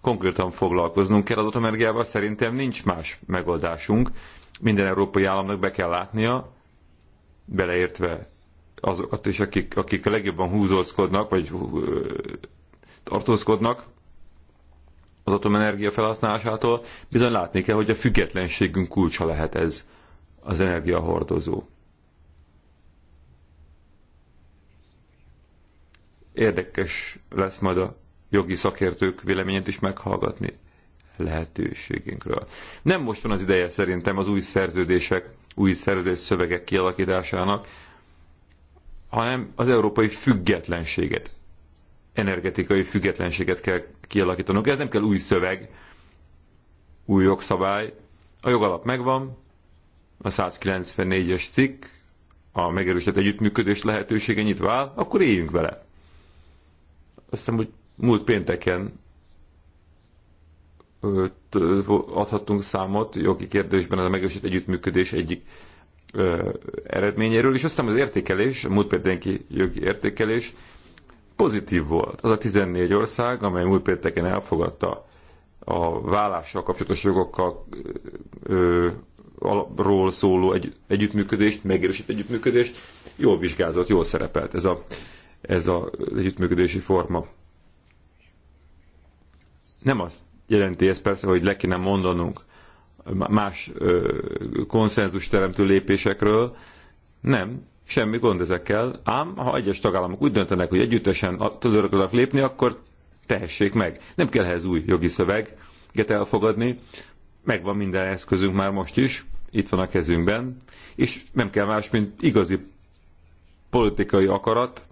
Speaker 2: konkrétan foglalkoznunk kell az atomenergiával, szerintem nincs más megoldásunk. Minden európai államnak be kell látnia, beleértve azokat is, akik, akik a legjobban húzózkodnak, vagy tartózkodnak az atomenergia felhasználásától, bizony látni kell, hogy a függetlenségünk kulcsa lehet ez az energiahordozó. Érdekes lesz majd a jogi szakértők véleményét is meghallgatni lehetőségünkről. Nem most van az ideje szerintem az új szerződések, új szerződés szövegek kialakításának, hanem az európai függetlenséget, energetikai függetlenséget kell kialakítanunk. Ez nem kell új szöveg, új jogszabály. A jogalap megvan, a 194-es cikk, a megerősített együttműködés lehetősége nyitva áll, akkor éljünk vele. Azt hiszem, hogy Múlt pénteken adhattunk számot jogi kérdésben az a megősít együttműködés egyik ö, eredményéről, és azt hiszem az értékelés, a múlt pénteki jogi értékelés pozitív volt. Az a 14 ország, amely múlt pénteken elfogadta a vállással kapcsolatos jogokkal ö, ról szóló egy, együttműködést, megérősít együttműködést, jól vizsgázott, jól szerepelt ez a, ez a együttműködési forma. Nem azt jelenti ez persze, hogy le kéne mondanunk más konszenzus teremtő lépésekről. Nem, semmi gond ezekkel, ám ha egyes tagállamok úgy döntenek, hogy együttesen tudnak lépni, akkor tehessék meg. Nem kell ehhez új jogi szöveget elfogadni, megvan minden eszközünk már most is, itt van a kezünkben, és nem kell más, mint igazi politikai akarat,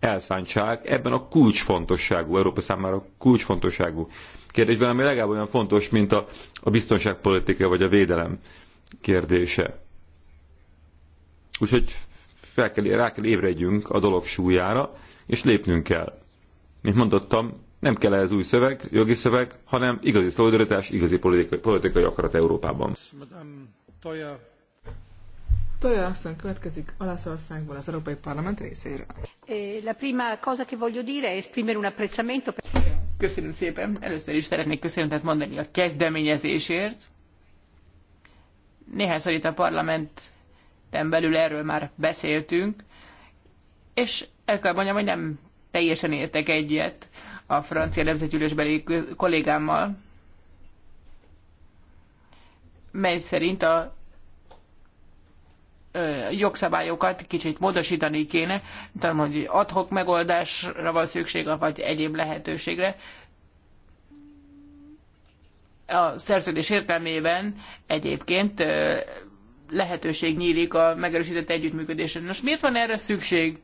Speaker 2: elszántság ebben a kulcsfontosságú, Európa számára kulcsfontosságú kérdésben, ami legalább olyan fontos, mint a, a biztonságpolitika vagy a védelem kérdése. Úgyhogy fel kell, rá kell ébredjünk a dolog súlyára, és lépnünk kell. Mint mondottam, nem kell ez új szöveg, jogi szöveg, hanem igazi szolidaritás, igazi politikai, politikai akarat Európában. Madame
Speaker 3: Tolja Asszony következik Olaszországból az Európai Parlament
Speaker 4: részéről.
Speaker 1: Eh, la prima cosa che voglio dire è esprimere un apprezzamento per...
Speaker 4: Köszönöm szépen. Először is szeretnék köszönetet mondani a kezdeményezésért. Néhányszor itt a parlamenten belül erről már beszéltünk, és el kell mondjam, hogy nem teljesen értek egyet a francia nemzetgyűlésbeli kollégámmal, mely szerint a jogszabályokat kicsit módosítani kéne, tudom, hogy adhok megoldásra van szüksége, vagy egyéb lehetőségre. A szerződés értelmében egyébként lehetőség nyílik a megerősített együttműködésre. Most miért van erre szükség?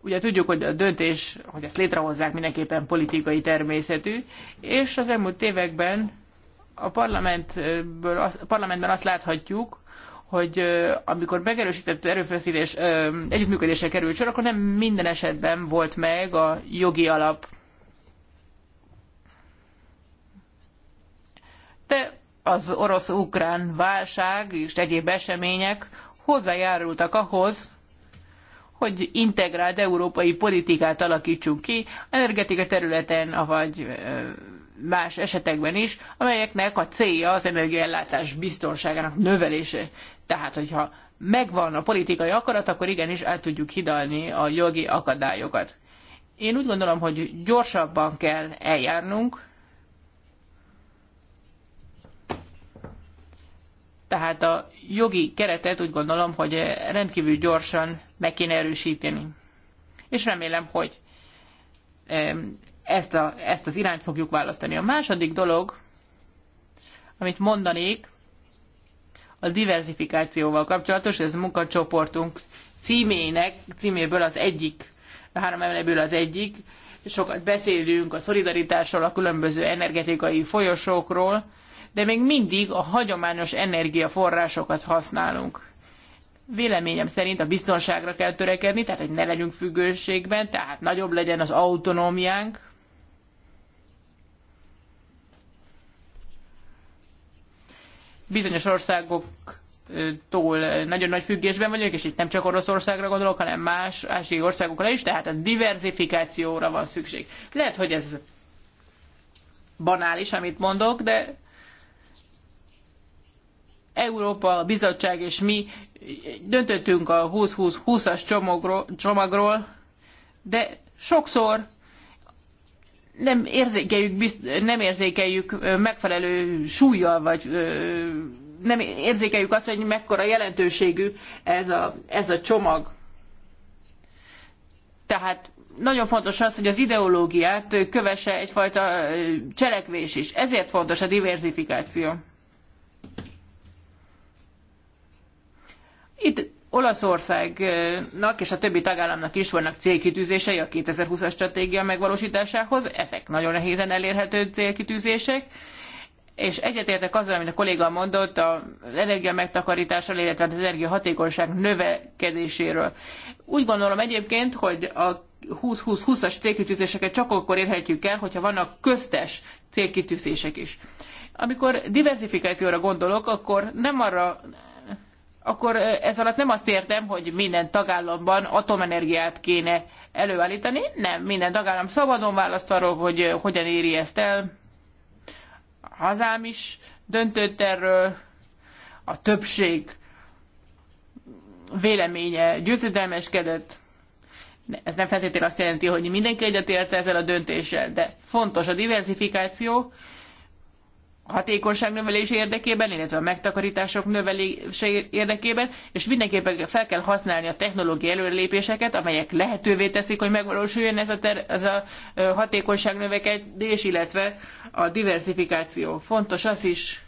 Speaker 4: Ugye tudjuk, hogy a döntés, hogy ezt létrehozzák, mindenképpen politikai természetű, és az elmúlt években a, parlamentből, a parlamentben azt láthatjuk, hogy amikor megerősített erőfeszítés együttműködésre került sor, akkor nem minden esetben volt meg a jogi alap. De az orosz-ukrán válság és egyéb események hozzájárultak ahhoz, hogy integrált európai politikát alakítsunk ki energetika területen, vagy más esetekben is, amelyeknek a célja az energiaellátás biztonságának növelése. Tehát, hogyha megvan a politikai akarat, akkor igenis el tudjuk hidalni a jogi akadályokat. Én úgy gondolom, hogy gyorsabban kell eljárnunk, tehát a jogi keretet úgy gondolom, hogy rendkívül gyorsan meg kéne erősíteni. És remélem, hogy ezt, a, ezt az irányt fogjuk választani. A második dolog, amit mondanék, a diversifikációval kapcsolatos, ez a munkacsoportunk címének, címéből az egyik, a három emeléből az egyik, sokat beszélünk a szolidaritásról, a különböző energetikai folyosókról, de még mindig a hagyományos energiaforrásokat használunk. Véleményem szerint a biztonságra kell törekedni, tehát hogy ne legyünk függőségben, tehát nagyobb legyen az autonómiánk, bizonyos országoktól nagyon nagy függésben vagyunk, és itt nem csak Oroszországra gondolok, hanem más ázsiai országokra is, tehát a diversifikációra van szükség. Lehet, hogy ez banális, amit mondok, de Európa, a bizottság és mi döntöttünk a 20-20-20-as csomagról, de sokszor nem érzékeljük, nem érzékeljük megfelelő súlyjal, vagy nem érzékeljük azt, hogy mekkora jelentőségű ez a, ez a csomag. Tehát nagyon fontos az, hogy az ideológiát kövesse egyfajta cselekvés is. Ezért fontos a diversifikáció. Itt Olaszországnak és a többi tagállamnak is vannak célkitűzései a 2020-as stratégia megvalósításához, ezek nagyon nehézen elérhető célkitűzések, és egyetértek azzal, amit a kolléga mondott, az energia megtakarításról, illetve az energiahatékonyság növekedéséről. Úgy gondolom egyébként, hogy a 20-20-20-as célkitűzéseket csak akkor érhetjük el, hogyha vannak köztes célkitűzések is. Amikor diversifikációra gondolok, akkor nem arra akkor ez alatt nem azt értem, hogy minden tagállamban atomenergiát kéne előállítani. Nem, minden tagállam szabadon választ arról, hogy hogyan éri ezt el. A hazám is döntött erről, a többség véleménye győzedelmeskedett. Ez nem feltétlenül azt jelenti, hogy mindenki egyetért ezzel a döntéssel, de fontos a diversifikáció, hatékonyság növelése érdekében, illetve a megtakarítások növelése érdekében, és mindenképpen fel kell használni a technológiai előrelépéseket, amelyek lehetővé teszik, hogy megvalósuljon ez a, ter- ez a hatékonyság növekedés, illetve a diversifikáció. Fontos az is,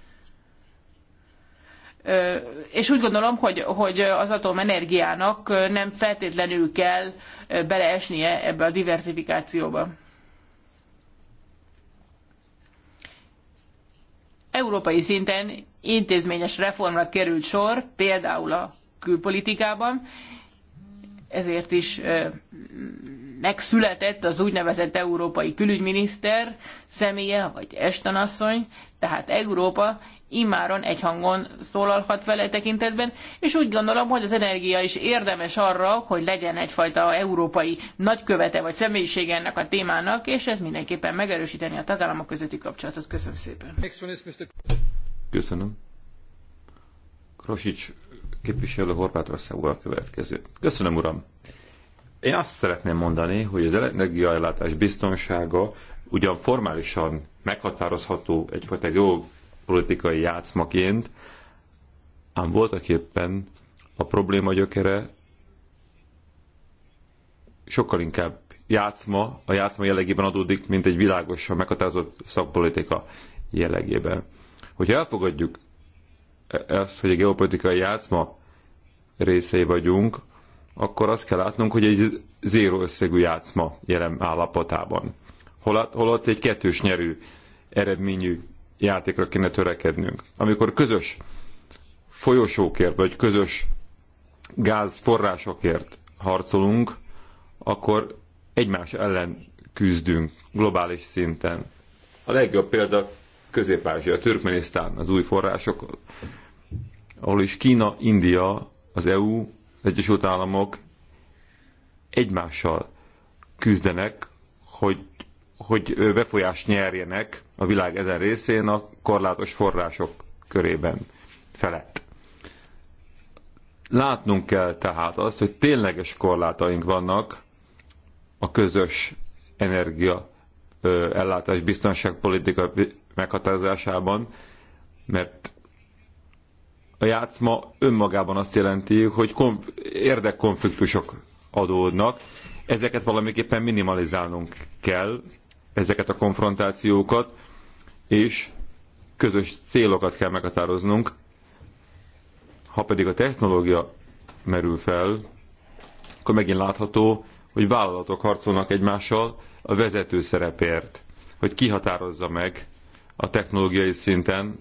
Speaker 4: és úgy gondolom, hogy, hogy az atomenergiának nem feltétlenül kell beleesnie ebbe a diversifikációba. európai szinten intézményes reformra került sor, például a külpolitikában, ezért is megszületett az úgynevezett európai külügyminiszter személye, vagy Eston asszony, tehát Európa immáron egy hangon szólalhat vele e tekintetben, és úgy gondolom, hogy az energia is érdemes arra, hogy legyen egyfajta európai nagykövete vagy személyisége ennek a témának, és ez mindenképpen megerősíteni a tagállamok közötti kapcsolatot. Köszönöm szépen.
Speaker 2: Köszönöm. Krosics képviselő Horvátországból a következő. Köszönöm, uram. Én azt szeretném mondani, hogy az energiaellátás biztonsága ugyan formálisan meghatározható egyfajta jó politikai játszmaként, ám voltak éppen a probléma gyökere sokkal inkább játszma, a játszma jellegében adódik, mint egy világosan meghatározott szakpolitika jellegében. Hogyha elfogadjuk e- ezt, hogy a geopolitikai játszma részei vagyunk, akkor azt kell látnunk, hogy egy zéró összegű játszma jelen állapotában. Holott, holott egy kettős nyerő eredményű játékra kéne törekednünk. Amikor közös folyosókért, vagy közös gázforrásokért harcolunk, akkor egymás ellen küzdünk globális szinten. A legjobb példa Közép-Ázsia, Türkmenisztán, az új források, ahol is Kína, India, az EU, az Egyesült Államok egymással küzdenek, hogy hogy befolyást nyerjenek a világ ezen részén a korlátos források körében felett. Látnunk kell tehát azt, hogy tényleges korlátaink vannak a közös energia ellátás biztonságpolitika meghatározásában, mert a játszma önmagában azt jelenti, hogy érdekkonfliktusok adódnak, ezeket valamiképpen minimalizálnunk kell, ezeket a konfrontációkat, és közös célokat kell meghatároznunk. Ha pedig a technológia merül fel, akkor megint látható, hogy vállalatok harcolnak egymással a vezető szerepért, hogy kihatározza meg a technológiai szinten,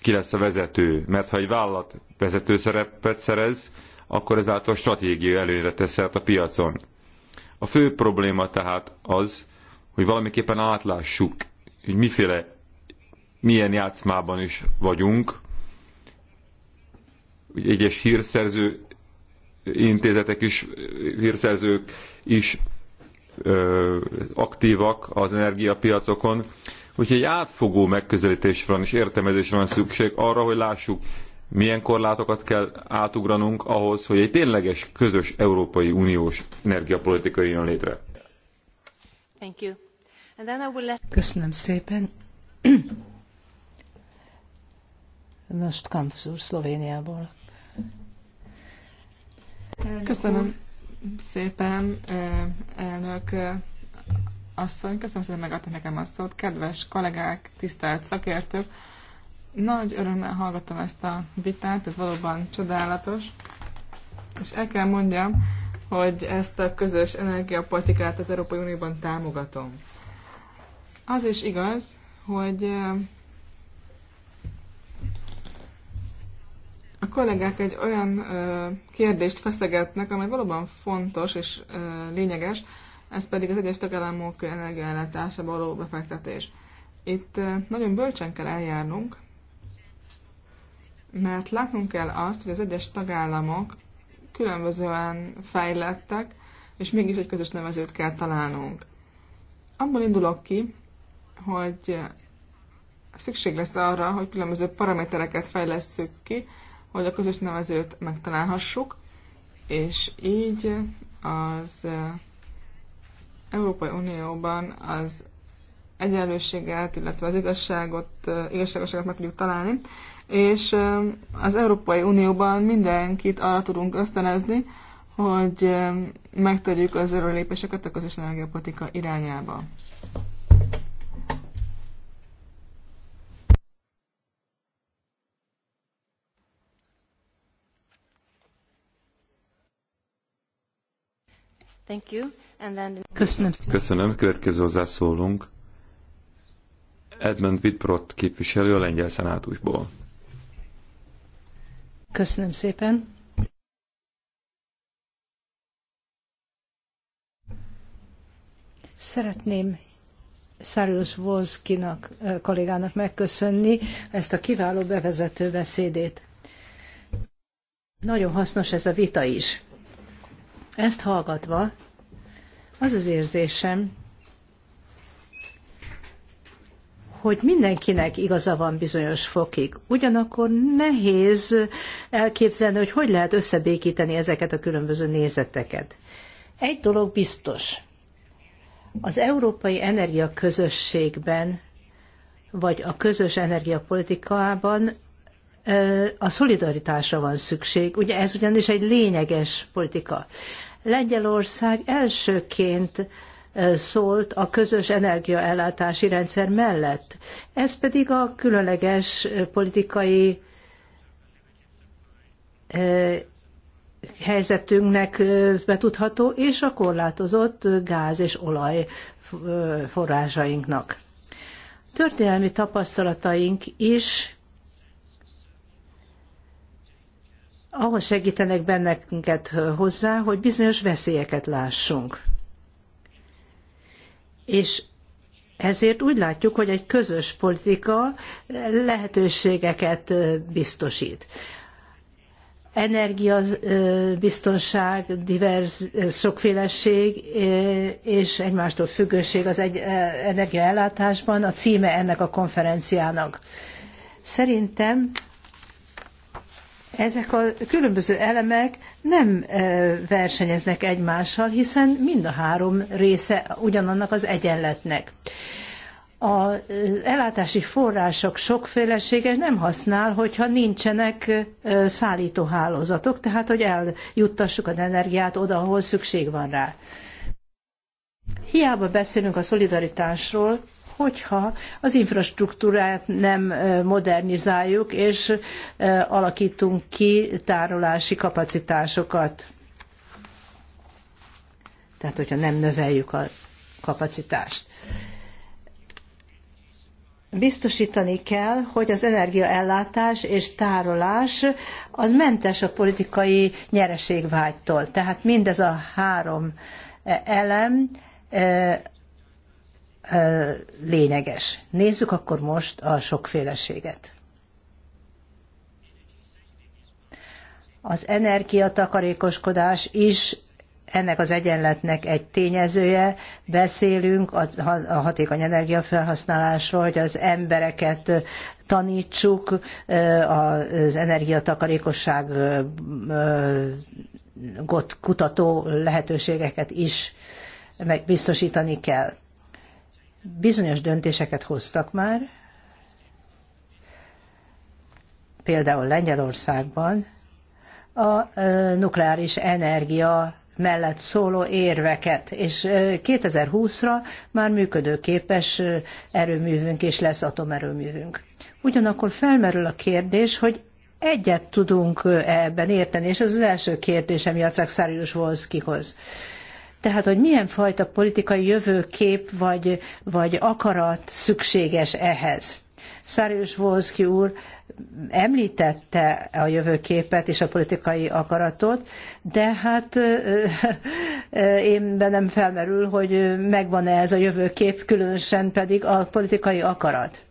Speaker 2: ki lesz a vezető. Mert ha egy vállalat vezető szerepet szerez, akkor ezáltal stratégiai előnyre tesz a piacon. A fő probléma tehát az, hogy valamiképpen átlássuk, hogy miféle, milyen játszmában is vagyunk. Ugye egyes hírszerző intézetek is, hírszerzők is ö, aktívak az energiapiacokon. Úgyhogy egy átfogó megközelítés van és értelmezés van szükség arra, hogy lássuk, milyen korlátokat kell átugranunk ahhoz, hogy egy tényleges közös Európai Uniós energiapolitika jön létre.
Speaker 1: Thank you. Köszönöm szépen. Most Kampf úr Szlovéniából.
Speaker 3: Köszönöm szépen, elnök asszony, köszönöm szépen megadta nekem a szót. Kedves kollégák, tisztelt szakértők, nagy örömmel hallgattam ezt a vitát, ez valóban csodálatos. És el kell mondjam, hogy ezt a közös energiapolitikát az Európai Unióban támogatom. Az is igaz, hogy a kollégák egy olyan kérdést feszegetnek, amely valóban fontos és lényeges, ez pedig az egyes tagállamok energiállátása való befektetés. Itt nagyon bölcsen kell eljárnunk, mert látnunk kell azt, hogy az egyes tagállamok különbözően fejlettek, és mégis egy közös nevezőt kell találnunk. Abból indulok ki, hogy szükség lesz arra, hogy különböző paramétereket fejlesszük ki, hogy a közös nevezőt megtalálhassuk, és így az Európai Unióban az egyenlőséget, illetve az igazságot, igazságosságot meg tudjuk találni, és az Európai Unióban mindenkit arra tudunk ösztönözni, hogy megtegyük az erőlépéseket a közös energiapolitika irányába.
Speaker 1: Thank you. And then... Köszönöm.
Speaker 2: Köszönöm. Következő hozzászólunk. Edmund Whitprott képviselő a lengyel szenátusból.
Speaker 1: Köszönöm szépen. Szeretném Szárius Volszkinak, kollégának megköszönni ezt a kiváló bevezető beszédét. Nagyon hasznos ez a vita is. Ezt hallgatva az az érzésem, hogy mindenkinek igaza van bizonyos fokig. Ugyanakkor nehéz elképzelni, hogy hogy lehet összebékíteni ezeket a különböző nézeteket. Egy dolog biztos. Az Európai Energiaközösségben, vagy a közös energiapolitikában a szolidaritásra van szükség. Ugye ez ugyanis egy lényeges politika. Lengyelország elsőként szólt a közös energiaellátási rendszer mellett. Ez pedig a különleges politikai helyzetünknek betudható, és a korlátozott gáz és olaj forrásainknak. Történelmi tapasztalataink is ahhoz segítenek bennünket hozzá, hogy bizonyos veszélyeket lássunk. És ezért úgy látjuk, hogy egy közös politika lehetőségeket biztosít. Energiabiztonság, divers, sokféleség és egymástól függőség az egy energiaellátásban a címe ennek a konferenciának. Szerintem ezek a különböző elemek nem e, versenyeznek egymással, hiszen mind a három része ugyanannak az egyenletnek. Az ellátási források sokfélesége nem használ, hogyha nincsenek e, szállítóhálózatok, tehát hogy eljuttassuk az energiát oda, ahol szükség van rá. Hiába beszélünk a szolidaritásról, hogyha az infrastruktúrát nem modernizáljuk, és alakítunk ki tárolási kapacitásokat. Tehát, hogyha nem növeljük a kapacitást. Biztosítani kell, hogy az energiaellátás és tárolás az mentes a politikai nyereségvágytól. Tehát mindez a három elem lényeges. Nézzük akkor most a sokféleséget. Az energiatakarékoskodás is ennek az egyenletnek egy tényezője. Beszélünk a hatékony energiafelhasználásról, hogy az embereket tanítsuk az energiatakarékosság kutató lehetőségeket is biztosítani kell. Bizonyos döntéseket hoztak már, például Lengyelországban, a nukleáris energia mellett szóló érveket, és 2020-ra már működőképes erőművünk és lesz atomerőművünk. Ugyanakkor felmerül a kérdés, hogy egyet tudunk ebben érteni, és ez az első kérdésem Jacek Szárius Volszkihoz. Tehát, hogy milyen fajta politikai jövőkép vagy, vagy akarat szükséges ehhez. Szárius Volszki úr említette a jövőképet és a politikai akaratot, de hát én bennem felmerül, hogy megvan-e ez a jövőkép, különösen pedig a politikai akarat.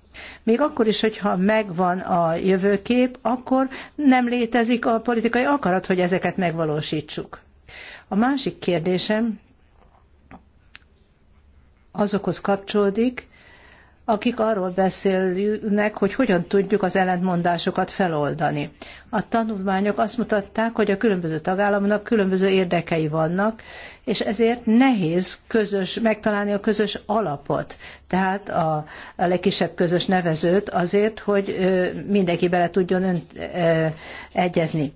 Speaker 1: Még akkor is, hogyha megvan a jövőkép, akkor nem létezik a politikai akarat, hogy ezeket megvalósítsuk. A másik kérdésem, azokhoz kapcsolódik, akik arról beszélnek, hogy hogyan tudjuk az ellentmondásokat feloldani. A tanulmányok azt mutatták, hogy a különböző tagállamnak különböző érdekei vannak, és ezért nehéz közös, megtalálni a közös alapot, tehát a, a legkisebb közös nevezőt azért, hogy mindenki bele tudjon ön, egyezni.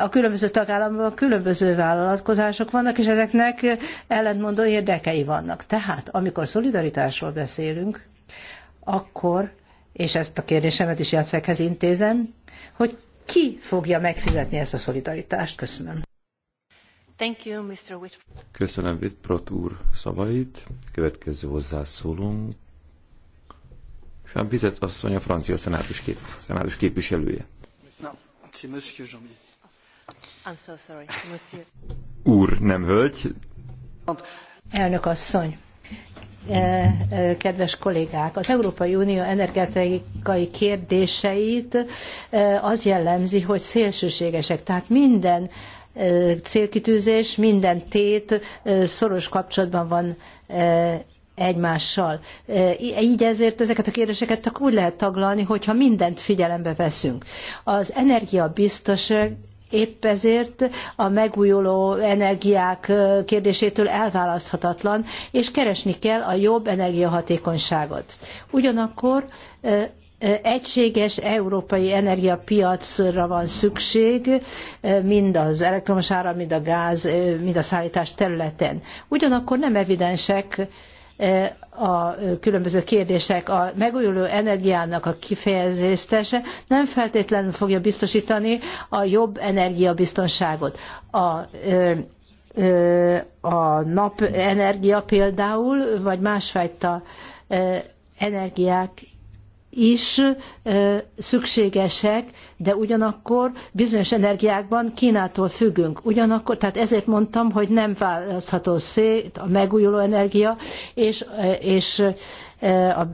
Speaker 1: A különböző tagállamban különböző vállalkozások vannak, és ezeknek ellentmondó érdekei vannak. Tehát, amikor szolidaritásról beszélünk, akkor, és ezt a kérdésemet is Jacekhez intézem, hogy ki fogja megfizetni ezt a szolidaritást? Köszönöm. Thank you, Mr.
Speaker 2: Köszönöm Whitprot úr szavait. Következő hozzászólunk. Jean Bizet asszony a francia szenátus, kép, szenátus képviselője.
Speaker 1: I'm so sorry, monsieur.
Speaker 2: Úr, nem hölgy.
Speaker 1: Elnök asszony, Eh, eh, kedves kollégák! Az Európai Unió energetikai kérdéseit eh, az jellemzi, hogy szélsőségesek. Tehát minden célkitűzés, minden tét szoros kapcsolatban van egymással. Így ezért ezeket a kérdéseket csak úgy lehet taglalni, hogyha mindent figyelembe veszünk. Az energiabiztonság Épp ezért a megújuló energiák kérdésétől elválaszthatatlan, és keresni kell a jobb energiahatékonyságot. Ugyanakkor egységes európai energiapiacra van szükség, mind az elektromos áram, mind a gáz, mind a szállítás területen. Ugyanakkor nem evidensek E, a különböző kérdések, a megújuló energiának a kifejezése nem feltétlenül fogja biztosítani a jobb energiabiztonságot. A, a napenergia például, vagy másfajta energiák is szükségesek, de ugyanakkor bizonyos energiákban Kínától függünk. Ugyanakkor, tehát ezért mondtam, hogy nem választható szét a megújuló energia és, és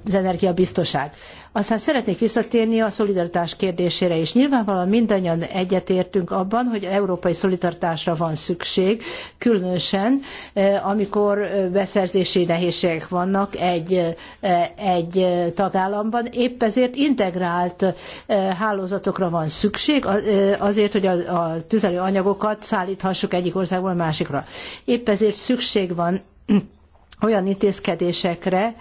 Speaker 1: az energiabiztoság. Aztán szeretnék visszatérni a szolidaritás kérdésére is. Nyilvánvalóan mindannyian egyetértünk abban, hogy európai szolidaritásra van szükség, különösen eh, amikor eh, beszerzési nehézségek vannak egy, eh, egy tagállamban. Épp ezért integrált hálózatokra van szükség, azért, hogy a, a tüzelőanyagokat szállíthassuk egyik országból a másikra. Épp ezért szükség van olyan intézkedésekre,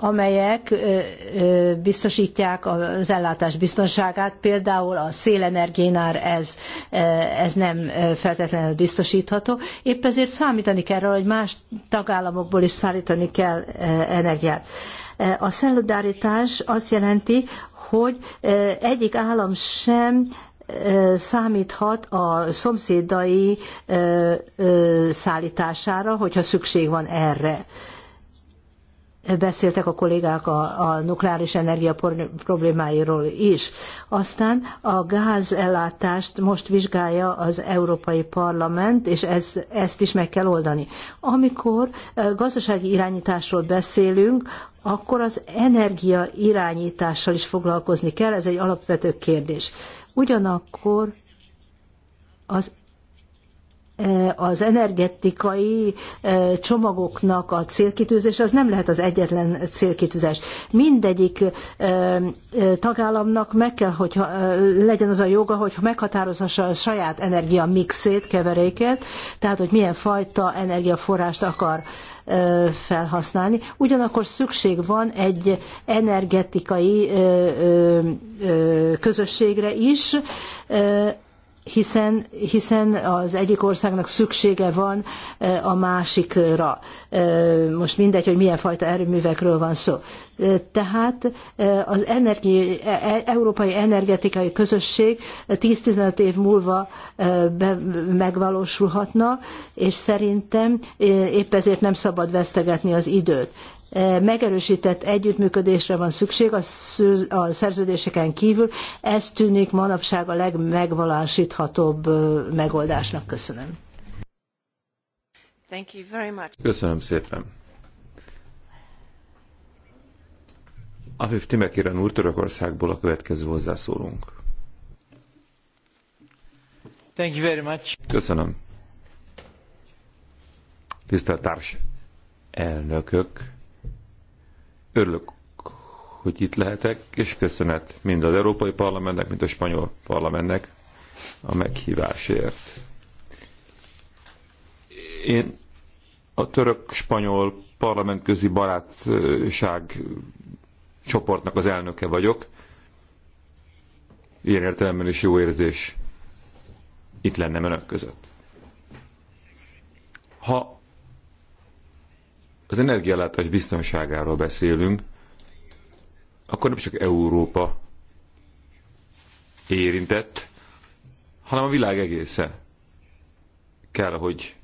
Speaker 1: amelyek biztosítják az ellátás biztonságát, például a szélenergiánál ez, ez nem feltétlenül biztosítható. Épp ezért számítani kell arra, hogy más tagállamokból is szállítani kell energiát. A szolidaritás azt jelenti, hogy egyik állam sem számíthat a szomszédai szállítására, hogyha szükség van erre beszéltek a kollégák a, a nukleáris energia problémáiról is. Aztán a gázellátást most vizsgálja az Európai Parlament, és ez, ezt is meg kell oldani. Amikor gazdasági irányításról beszélünk, akkor az energia irányítással is foglalkozni kell, ez egy alapvető kérdés. Ugyanakkor az Eh, az energetikai eh, csomagoknak a célkitűzés az nem lehet az egyetlen célkitűzés. Mindegyik eh, tagállamnak meg kell, hogy legyen az a joga, hogy meghatározhassa a saját energia mixét, keveréket, tehát hogy milyen fajta energiaforrást akar felhasználni. Ugyanakkor szükség van egy energetikai közösségre is, hiszen, hiszen az egyik országnak szüksége van eh, a másikra. Eh, most mindegy, hogy milyen fajta erőművekről van szó. Eh, tehát az energi, e-, e-, európai energetikai közösség 10-15 év múlva be, megvalósulhatna, és szerintem épp ezért nem szabad vesztegetni az időt megerősített együttműködésre van szükség a szerződéseken kívül. Ez tűnik manapság a legmegvalósíthatóbb megoldásnak. Köszönöm.
Speaker 2: Köszönöm szépen. Afif Timekiren úr Törökországból a következő hozzászólunk.
Speaker 3: Thank you very much.
Speaker 2: Köszönöm. Tisztelt társ elnökök, Örülök, hogy itt lehetek, és köszönet mind az Európai Parlamentnek, mind a Spanyol Parlamentnek a meghívásért. Én a török-spanyol parlamentközi barátság csoportnak az elnöke vagyok. Ilyen értelemben is jó érzés itt lennem önök között. Ha az energiállátás biztonságáról beszélünk, akkor nem csak Európa érintett, hanem a világ egésze kell, hogy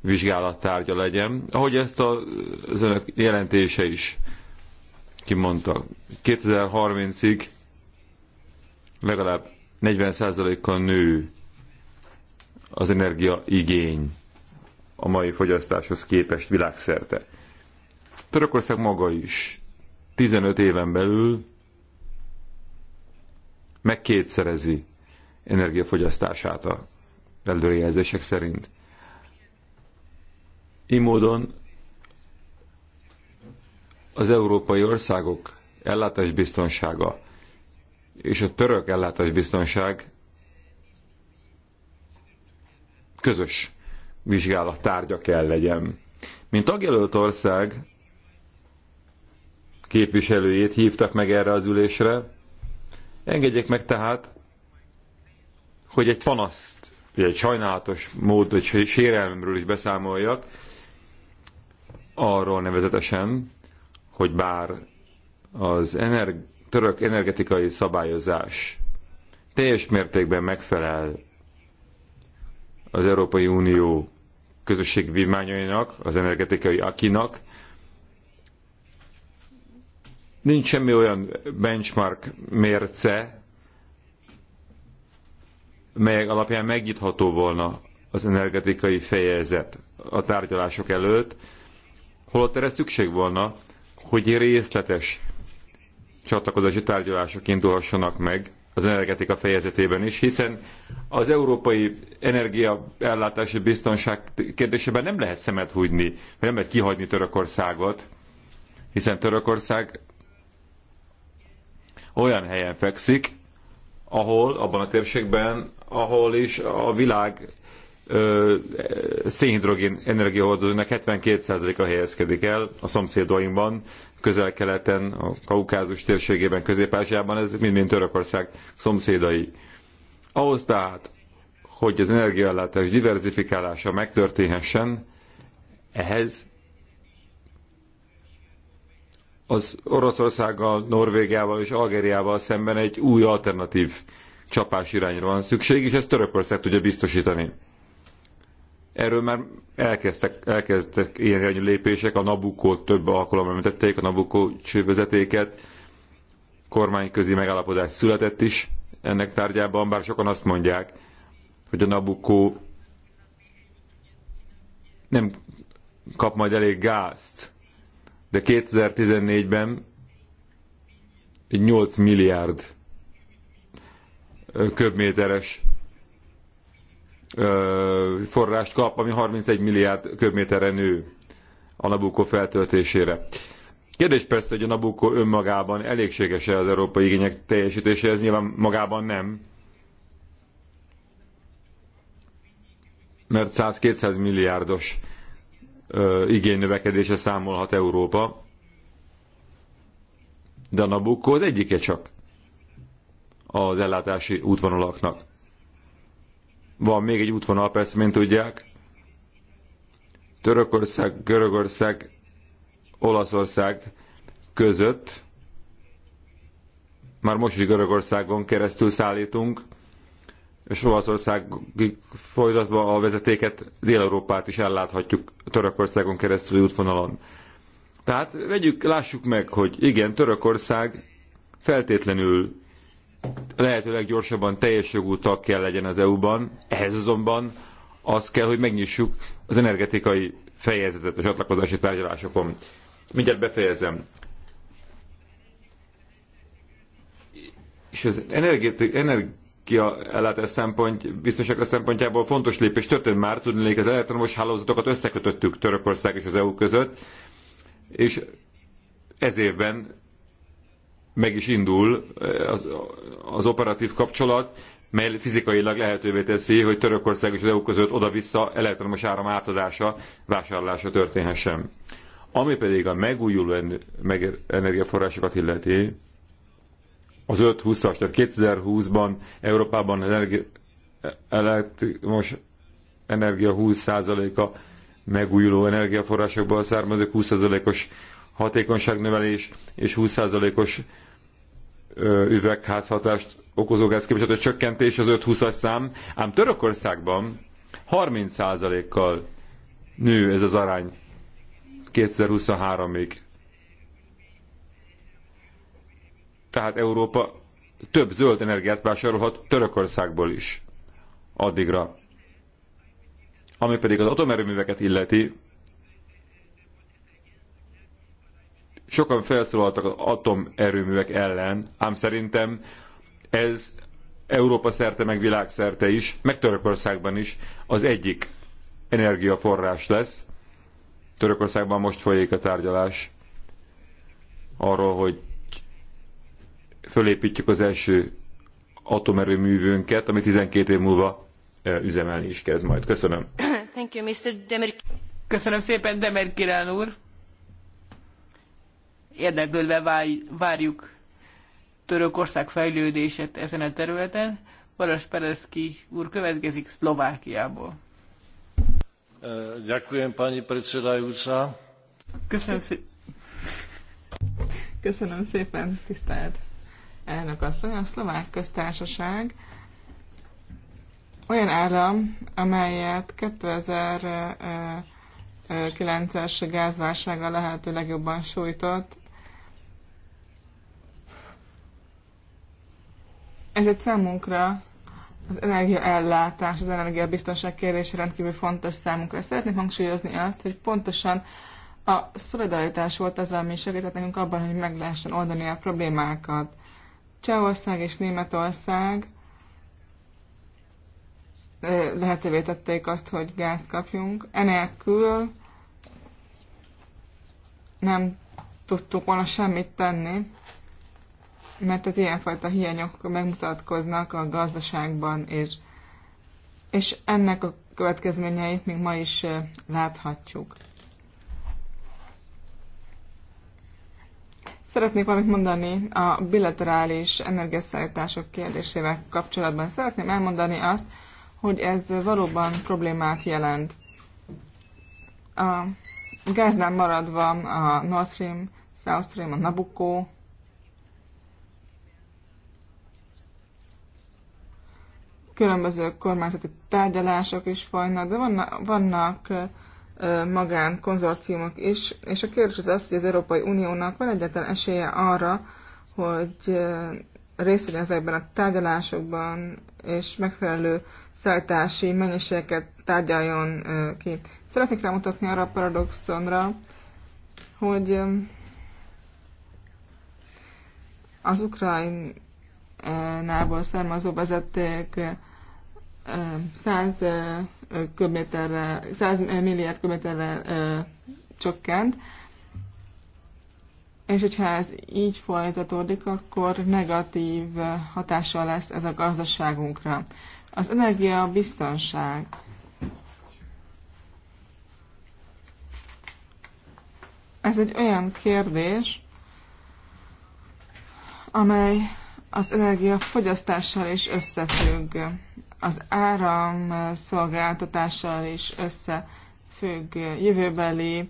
Speaker 2: vizsgálattárgya legyen. Ahogy ezt a, az önök jelentése is kimondta, 2030-ig legalább 40%-kal nő az energia igény a mai fogyasztáshoz képest világszerte. Törökország maga is 15 éven belül megkétszerezi energiafogyasztását a előrejelzések szerint. Így módon az európai országok ellátásbiztonsága és a török ellátásbiztonság közös vizsgálat tárgya kell legyen. Mint tagjelölt ország képviselőjét hívtak meg erre az ülésre, engedjék meg tehát, hogy egy panaszt, vagy egy sajnálatos mód, vagy sérelmemről is beszámoljak, arról nevezetesen, hogy bár az ener török energetikai szabályozás teljes mértékben megfelel az Európai Unió közösség vívmányainak, az energetikai akinak. Nincs semmi olyan benchmark mérce, melyek alapján megnyitható volna az energetikai fejezet a tárgyalások előtt, holott erre szükség volna, hogy részletes csatlakozási tárgyalások indulhassanak meg az energetika fejezetében is, hiszen az európai energiaellátási biztonság kérdésében nem lehet szemet húgyni, nem lehet kihagyni Törökországot, hiszen Törökország olyan helyen fekszik, ahol, abban a térségben, ahol is a világ szénhidrogén energiahordozónak 72%-a helyezkedik el a szomszédainkban, közel-keleten, a Kaukázus térségében, közép-ázsiában, ez mind-mind Törökország szomszédai. Ahhoz tehát, hogy az energiaellátás diverzifikálása megtörténhessen, ehhez az Oroszországgal, Norvégiával és Algériával szemben egy új alternatív csapás irányra van szükség, és ezt Törökország tudja biztosítani. Erről már elkezdtek, elkezdtek ilyen irányú lépések, a Nabukót több alkalommal említették, a Nabukó csővezetéket, kormányközi megállapodás született is ennek tárgyában, bár sokan azt mondják, hogy a Nabukó nem kap majd elég gázt, de 2014-ben egy 8 milliárd köbméteres forrást kap, ami 31 milliárd köbméterre nő a Nabucco feltöltésére. Kérdés persze, hogy a Nabucco önmagában elégséges-e az európai igények teljesítése, ez nyilván magában nem, mert 100-200 milliárdos igénynövekedése számolhat Európa, de a Nabucco az egyike csak az ellátási útvonalaknak. Van még egy útvonal, persze, mint tudják. Törökország, Görögország, Olaszország között, már most is Görögországon keresztül szállítunk, és Olaszországig folytatva a vezetéket Dél-Európát is elláthatjuk Törökországon keresztül útvonalon. Tehát vegyük, lássuk meg, hogy igen, Törökország feltétlenül lehetőleg gyorsabban teljes jogú tag kell legyen az EU-ban, ehhez azonban az kell, hogy megnyissuk az energetikai fejezetet a csatlakozási tárgyalásokon. Mindjárt befejezem. És az energiaellátás szempont, biztonsága szempontjából fontos lépés történt már, tudni, hogy az elektromos hálózatokat összekötöttük Törökország és az EU között, és ez évben meg is indul eh, az, az operatív kapcsolat, mely fizikailag lehetővé teszi, hogy Törökország és az EU között oda-vissza elektromos áram átadása, vásárlása történhessen. Ami pedig a megújuló energiaforrásokat illeti, az 5-20-as, tehát 2020-ban Európában energi, elektromos energia 20%-a megújuló energiaforrásokból származik, 20%-os hatékonyságnövelés és 20%-os üvegházhatást okozó gázkibocsátás csökkentés az 5-20-as szám, ám Törökországban 30%-kal nő ez az arány 2023-ig. Tehát Európa több zöld energiát vásárolhat Törökországból is addigra. Ami pedig az atomerőműveket illeti, Sokan felszólaltak az atomerőművek ellen, ám szerintem ez Európa szerte, meg világszerte is, meg Törökországban is az egyik energiaforrás lesz. Törökországban most folyik a tárgyalás arról, hogy fölépítjük az első atomerőművünket, ami 12 év múlva eh, üzemelni is kezd majd. Köszönöm.
Speaker 4: Thank you, Mr. Demir. Köszönöm szépen, Demer Kirán úr érdeklődve várjuk Törökország fejlődését ezen a területen. Baras Pereszki úr következik Szlovákiából. Ďakujem, pani predsedajúca.
Speaker 3: Köszönöm szépen. Köszönöm szépen, tisztelt elnök asszony. A szlovák köztársaság olyan állam, amelyet 2009-es gázválsága lehető legjobban sújtott, Ez egy számunkra az energiaellátás, az energiabiztonság kérdése rendkívül fontos számunkra. Szeretnék hangsúlyozni azt, hogy pontosan a szolidaritás volt az, ami segített nekünk abban, hogy meg lehessen oldani a problémákat. Csehország és Németország lehetővé tették azt, hogy gázt kapjunk. Enélkül nem tudtuk volna semmit tenni mert az ilyenfajta hiányok megmutatkoznak a gazdaságban, és, és ennek a következményeit még ma is láthatjuk. Szeretnék valamit mondani a bilaterális energiaszállítások kérdésével kapcsolatban. Szeretném elmondani azt, hogy ez valóban problémát jelent. A gáznál maradva a Nord Stream, South Stream, a Nabucco különböző kormányzati tárgyalások is folynak, de vannak, vannak magán konzorciumok is, és a kérdés az az, hogy az Európai Uniónak van egyetlen esélye arra, hogy részt vegyen ezekben a tárgyalásokban, és megfelelő szállítási mennyiségeket tárgyaljon ki. Szeretnék rámutatni arra a paradoxonra, hogy az ukrajnából származó vezeték 100 köbméterre, 100 milliárd köbméterre csökkent, és hogyha ez így folytatódik, akkor negatív hatással lesz ez a gazdaságunkra. Az energia a biztonság. Ez egy olyan kérdés, amely az energia fogyasztással is összefügg az áram szolgáltatással is összefügg. Jövőbeli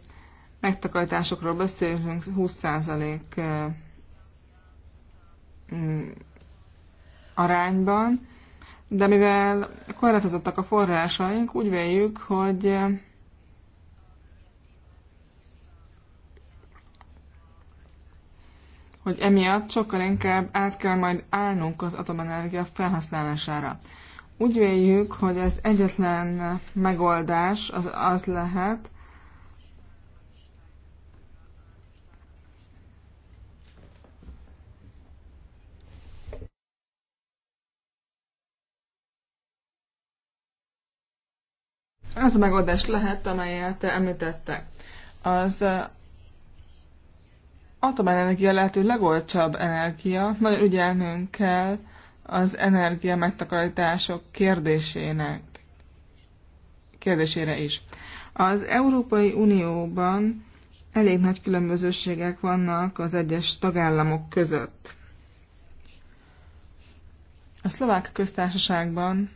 Speaker 3: megtakarításokról beszélünk 20% mm, arányban, de mivel korlátozottak a forrásaink, úgy véljük, hogy hogy emiatt sokkal inkább át kell majd állnunk az atomenergia felhasználására. Úgy véljük, hogy ez egyetlen megoldás az, az lehet, Az a megoldás lehet, amelyet említettek. Az atomenergia lehető legolcsabb energia, nagyon ügyelnünk kell az energia megtakarítások kérdésének kérdésére is. Az Európai Unióban elég nagy különbözőségek vannak az egyes tagállamok között. A szlovák köztársaságban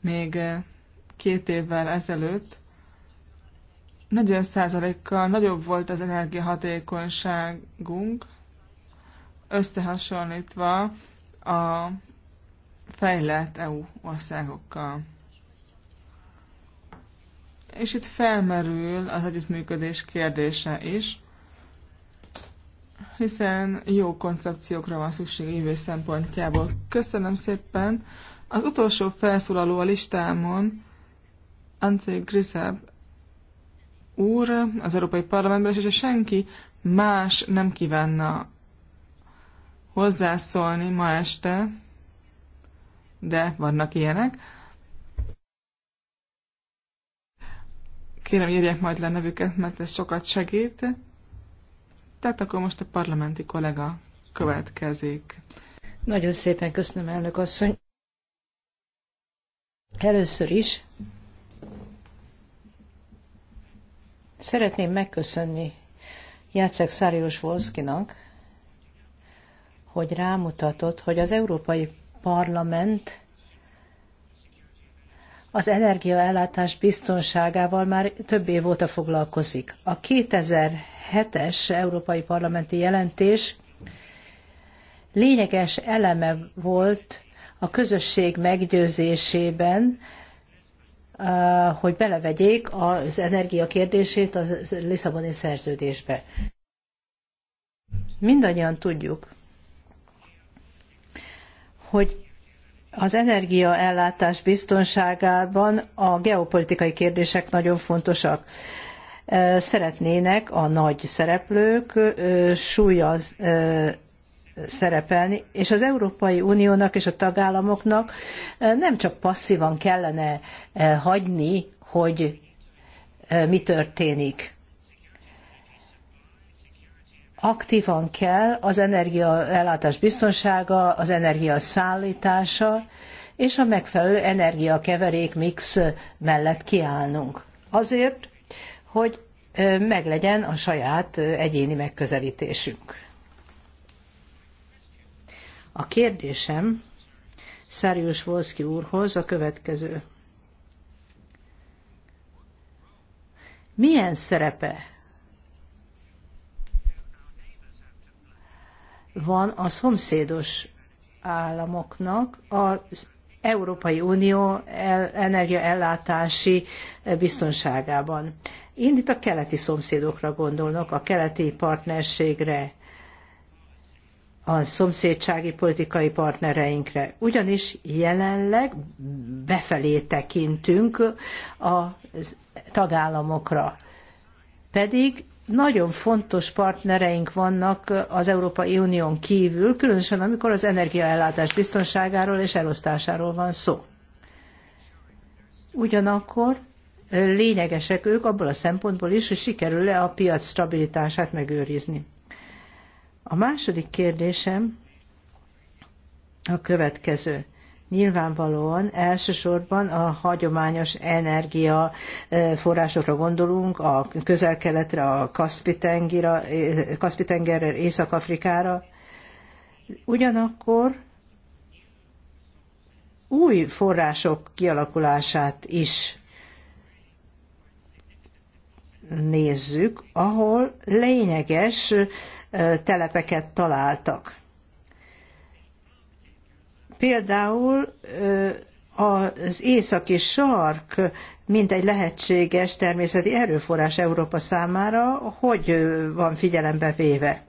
Speaker 3: még két évvel ezelőtt 40%-kal nagyobb volt az energiahatékonyságunk, összehasonlítva a fejlett EU országokkal. És itt felmerül az együttműködés kérdése is, hiszen jó koncepciókra van szükség jövő szempontjából. Köszönöm szépen! Az utolsó felszólaló a listámon, Ante Grisab úr az Európai Parlamentben, és ha senki más nem kívánna hozzászólni ma este, de vannak ilyenek. Kérem, írják majd le nevüket, mert ez sokat segít. Tehát akkor most a parlamenti kollega következik.
Speaker 1: Nagyon szépen köszönöm, elnök asszony. Először is szeretném megköszönni Jacek Száriós Volszkinak, hogy rámutatott, hogy az Európai Parlament az energiaellátás biztonságával már több év óta foglalkozik. A 2007-es Európai Parlamenti jelentés lényeges eleme volt a közösség meggyőzésében, hogy belevegyék az energia kérdését a Lisszaboni szerződésbe. Mindannyian tudjuk, hogy az energiaellátás biztonságában a geopolitikai kérdések nagyon fontosak. Szeretnének a nagy szereplők súlya szerepelni, és az Európai Uniónak és a tagállamoknak nem csak passzívan kellene hagyni, hogy mi történik aktívan kell az energiaellátás biztonsága, az energia szállítása és a megfelelő energiakeverék mix mellett kiállnunk. Azért, hogy meglegyen a saját egyéni megközelítésünk. A kérdésem Szárius Volszki úrhoz a következő. Milyen szerepe van a szomszédos államoknak az Európai Unió energiaellátási biztonságában. Én itt a keleti szomszédokra gondolnak a keleti partnerségre, a szomszédsági politikai partnereinkre. Ugyanis jelenleg befelé tekintünk a tagállamokra. Pedig nagyon fontos partnereink vannak az Európai Unión kívül, különösen amikor az energiaellátás biztonságáról és elosztásáról van szó. Ugyanakkor lényegesek ők abból a szempontból is, hogy sikerül-e a piac stabilitását megőrizni. A második kérdésem a következő. Nyilvánvalóan elsősorban a hagyományos energiaforrásokra gondolunk, a közel-keletre, a kaspi tengerre Észak-Afrikára. Ugyanakkor új források kialakulását is nézzük, ahol lényeges telepeket találtak. Például az északi sark, mint egy lehetséges természeti erőforrás Európa számára, hogy van figyelembe véve?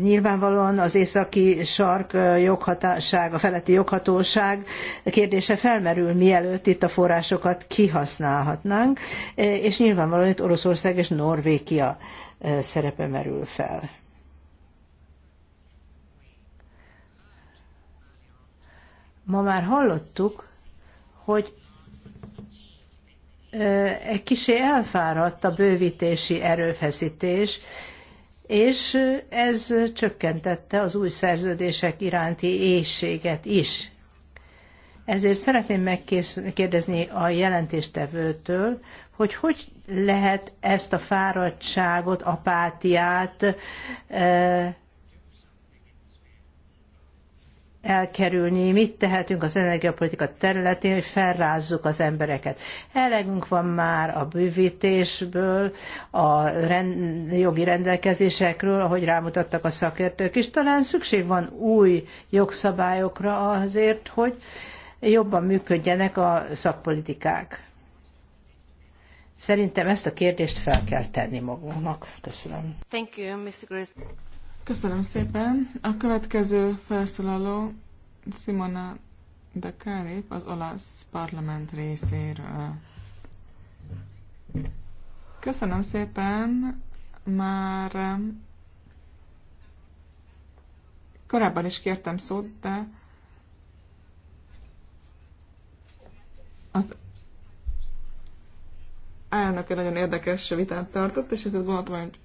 Speaker 1: Nyilvánvalóan az északi sark joghatóság, a feletti joghatóság kérdése felmerül, mielőtt itt a forrásokat kihasználhatnánk, és nyilvánvalóan itt Oroszország és Norvégia szerepe merül fel. Ma már hallottuk, hogy egy kicsi elfáradt a bővítési erőfeszítés, és ez csökkentette az új szerződések iránti éjséget is. Ezért szeretném megkérdezni a jelentéstevőtől, hogy hogy lehet ezt a fáradtságot, apátiát elkerülni, mit tehetünk az energiapolitika területén, hogy felrázzuk az embereket. Elegünk van már a bűvítésből, a rend, jogi rendelkezésekről, ahogy rámutattak a szakértők is. Talán szükség van új jogszabályokra azért, hogy jobban működjenek a szakpolitikák. Szerintem ezt a kérdést fel kell tenni magunknak. Köszönöm. Thank you, Mr.
Speaker 3: Köszönöm szépen. A következő felszólaló Simona de Kárép az olasz parlament részéről. Köszönöm szépen. Már korábban is kértem szót, de az elnöke nagyon érdekes vitát tartott, és ezért gondoltam, hogy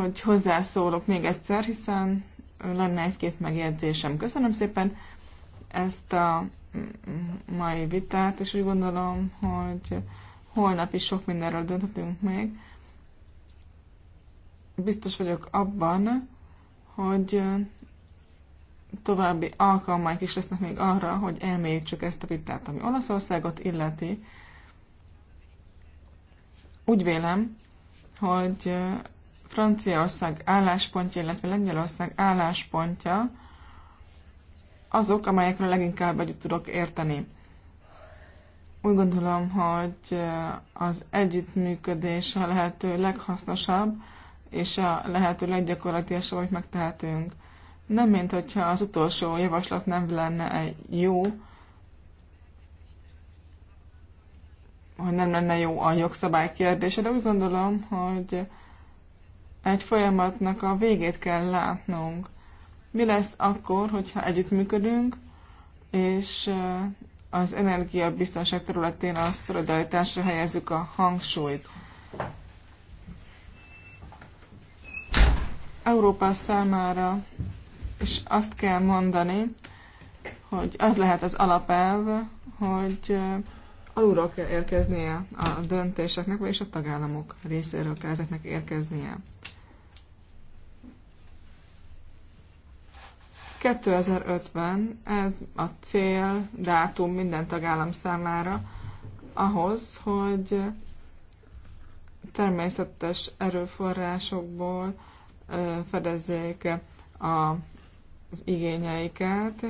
Speaker 3: hogy hozzászólok még egyszer, hiszen lenne egy-két megjegyzésem. Köszönöm szépen ezt a mai vitát, és úgy gondolom, hogy holnap is sok mindenről dönthetünk még. Biztos vagyok abban, hogy további alkalmak is lesznek még arra, hogy elmélyítsük ezt a vitát, ami Olaszországot illeti. Úgy vélem, hogy Franciaország álláspontja, illetve Lengyelország álláspontja azok, amelyekről leginkább együtt tudok érteni. Úgy gondolom, hogy az együttműködés a lehető leghasznosabb, és a lehető leggyakorlatilasabb, amit megtehetünk. Nem, mint hogyha az utolsó javaslat nem lenne egy jó, hogy nem lenne jó a jogszabály kérdése, de úgy gondolom, hogy egy folyamatnak a végét kell látnunk. Mi lesz akkor, hogyha együttműködünk, és az energiabiztonság területén a szolidaritásra helyezzük a hangsúlyt. Európa számára és azt kell mondani, hogy az lehet az alapelv, hogy alulról kell érkeznie a döntéseknek, vagyis a tagállamok részéről kell ezeknek érkeznie. 2050 ez a cél, dátum minden tagállam számára ahhoz, hogy természetes erőforrásokból fedezzék az igényeiket,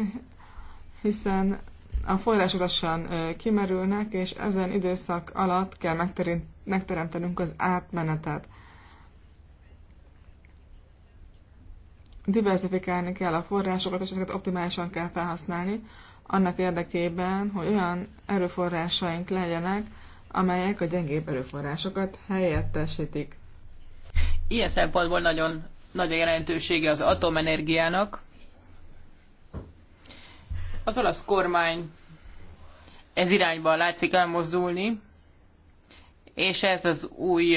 Speaker 3: hiszen a források lassan kimerülnek, és ezen időszak alatt kell megteremtenünk az átmenetet. diversifikálni kell a forrásokat, és ezeket optimálisan kell felhasználni, annak érdekében, hogy olyan erőforrásaink legyenek, amelyek a gyengébb erőforrásokat helyettesítik.
Speaker 4: Ilyen szempontból nagyon nagy jelentősége az atomenergiának. Az olasz kormány ez irányba látszik elmozdulni, és ez az új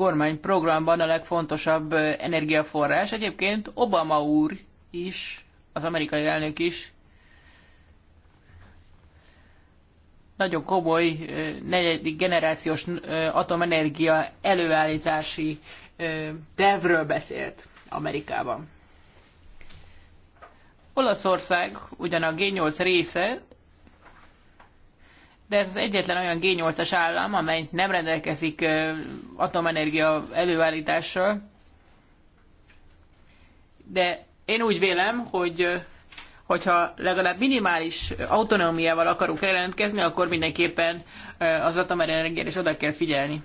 Speaker 4: kormány programban a legfontosabb energiaforrás. Egyébként Obama úr is, az amerikai elnök is nagyon komoly negyedik generációs atomenergia előállítási tervről beszélt Amerikában. Olaszország ugyan a G8 része, de ez az egyetlen olyan G8-as állam, amely nem rendelkezik atomenergia előállítással. De én úgy vélem, hogy hogyha legalább minimális autonómiával akarunk jelentkezni, akkor mindenképpen az atomenergiára is oda kell figyelni.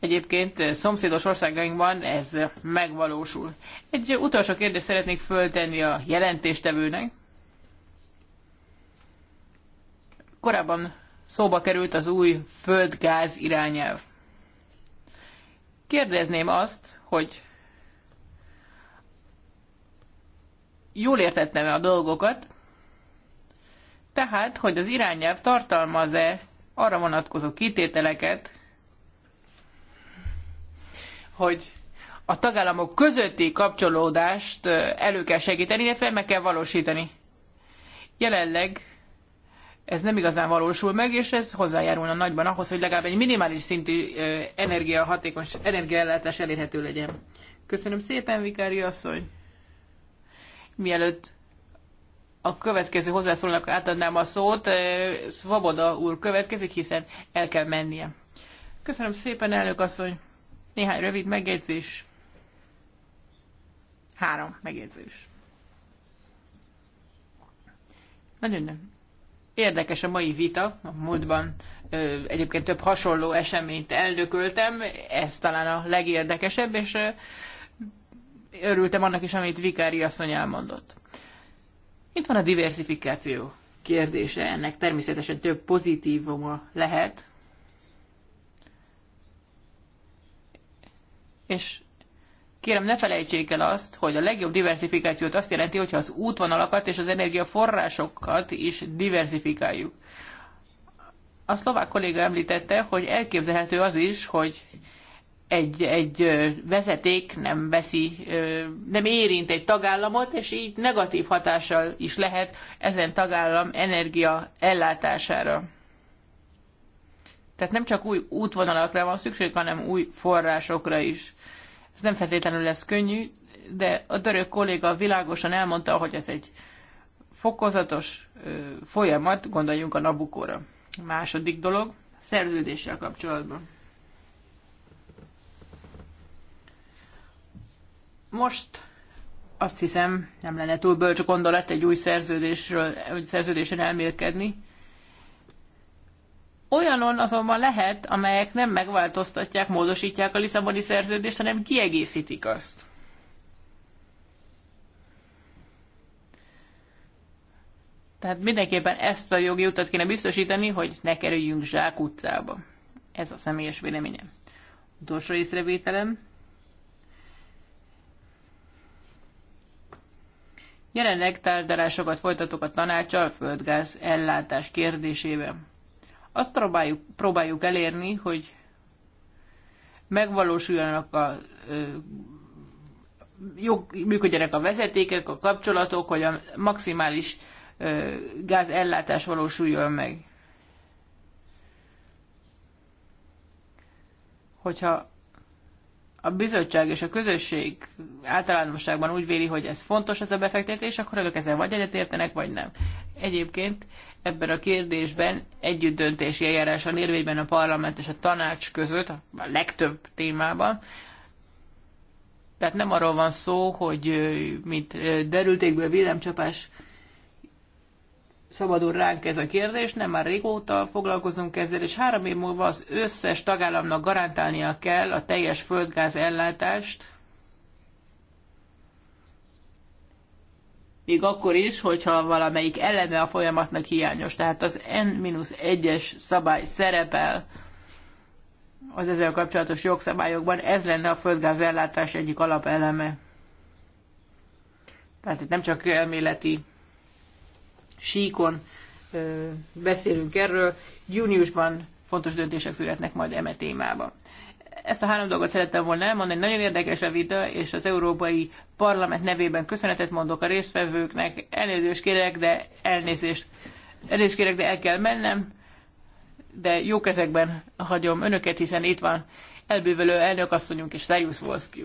Speaker 4: Egyébként szomszédos országainkban ez megvalósul. Egy utolsó kérdést szeretnék föltenni a jelentéstevőnek. korábban szóba került az új földgáz irányelv. Kérdezném azt, hogy jól értettem-e a dolgokat, tehát, hogy az irányelv tartalmaz-e arra vonatkozó kitételeket, hogy a tagállamok közötti kapcsolódást elő kell segíteni, illetve meg kell valósítani. Jelenleg ez nem igazán valósul meg, és ez hozzájárulna nagyban ahhoz, hogy legalább egy minimális szintű energiahatékony energiaellátás elérhető legyen. Köszönöm szépen, Vikári asszony! Mielőtt a következő hozzászólónak átadnám a szót, Svoboda úr következik, hiszen el kell mennie. Köszönöm szépen, elnök asszony! Néhány rövid megjegyzés. Három megjegyzés. Nagyon nem Érdekes a mai vita, a múltban egyébként több hasonló eseményt eldököltem, ez talán a legérdekesebb, és örültem annak is, amit Vikári asszony elmondott. Itt van a diversifikáció kérdése, ennek természetesen több pozitívuma lehet, és Kérem, ne felejtsék el azt, hogy a legjobb diversifikációt azt jelenti, hogyha az útvonalakat és az energiaforrásokat is diversifikáljuk. A szlovák kolléga említette, hogy elképzelhető az is, hogy egy, egy vezeték nem veszi, nem érint egy tagállamot, és így negatív hatással is lehet ezen tagállam energia ellátására. Tehát nem csak új útvonalakra van szükség, hanem új forrásokra is. Ez nem feltétlenül lesz könnyű, de a török kolléga világosan elmondta, hogy ez egy fokozatos folyamat, gondoljunk a Nabukóra. Második dolog, szerződéssel kapcsolatban. Most azt hiszem, nem lenne túl bölcs gondolat egy új szerződésről, egy szerződésen elmélkedni. Olyanon azonban lehet, amelyek nem megváltoztatják, módosítják a Lisszaboni szerződést, hanem kiegészítik azt. Tehát mindenképpen ezt a jogi utat kéne biztosítani, hogy ne kerüljünk zsák utcába. Ez a személyes véleményem. Utolsó észrevételem. Jelenleg tárgyalásokat folytatok a tanácsal földgáz ellátás kérdésében. Azt próbáljuk, próbáljuk elérni, hogy megvalósuljanak a jó, működjenek a vezetékek, a kapcsolatok, hogy a maximális gázellátás valósuljon meg. Hogyha a bizottság és a közösség általánosságban úgy véli, hogy ez fontos ez a befektetés, akkor ők ezzel vagy egyetértenek, vagy nem. Egyébként ebben a kérdésben együttdöntési eljárás a érvényben a parlament és a tanács között, a legtöbb témában. Tehát nem arról van szó, hogy mint derültékből villámcsapás szabadul ránk ez a kérdés, nem már régóta foglalkozunk ezzel, és három év múlva az összes tagállamnak garantálnia kell a teljes földgáz ellátást, még akkor is, hogyha valamelyik eleme a folyamatnak hiányos. Tehát az N-1-es szabály szerepel az ezzel kapcsolatos jogszabályokban, ez lenne a földgáz ellátás egyik alapeleme. Tehát itt nem csak elméleti síkon beszélünk erről, júniusban fontos döntések születnek majd eme témában. Ezt a három dolgot szerettem volna elmondani. Nagyon érdekes a vita, és az Európai Parlament nevében köszönetet mondok a résztvevőknek. Elnézést kérek, de elnézést. Elnézést kérek, de el kell mennem. De jó kezekben hagyom önöket, hiszen itt van elbűvölő elnökasszonyunk és Szerjusz Volszky.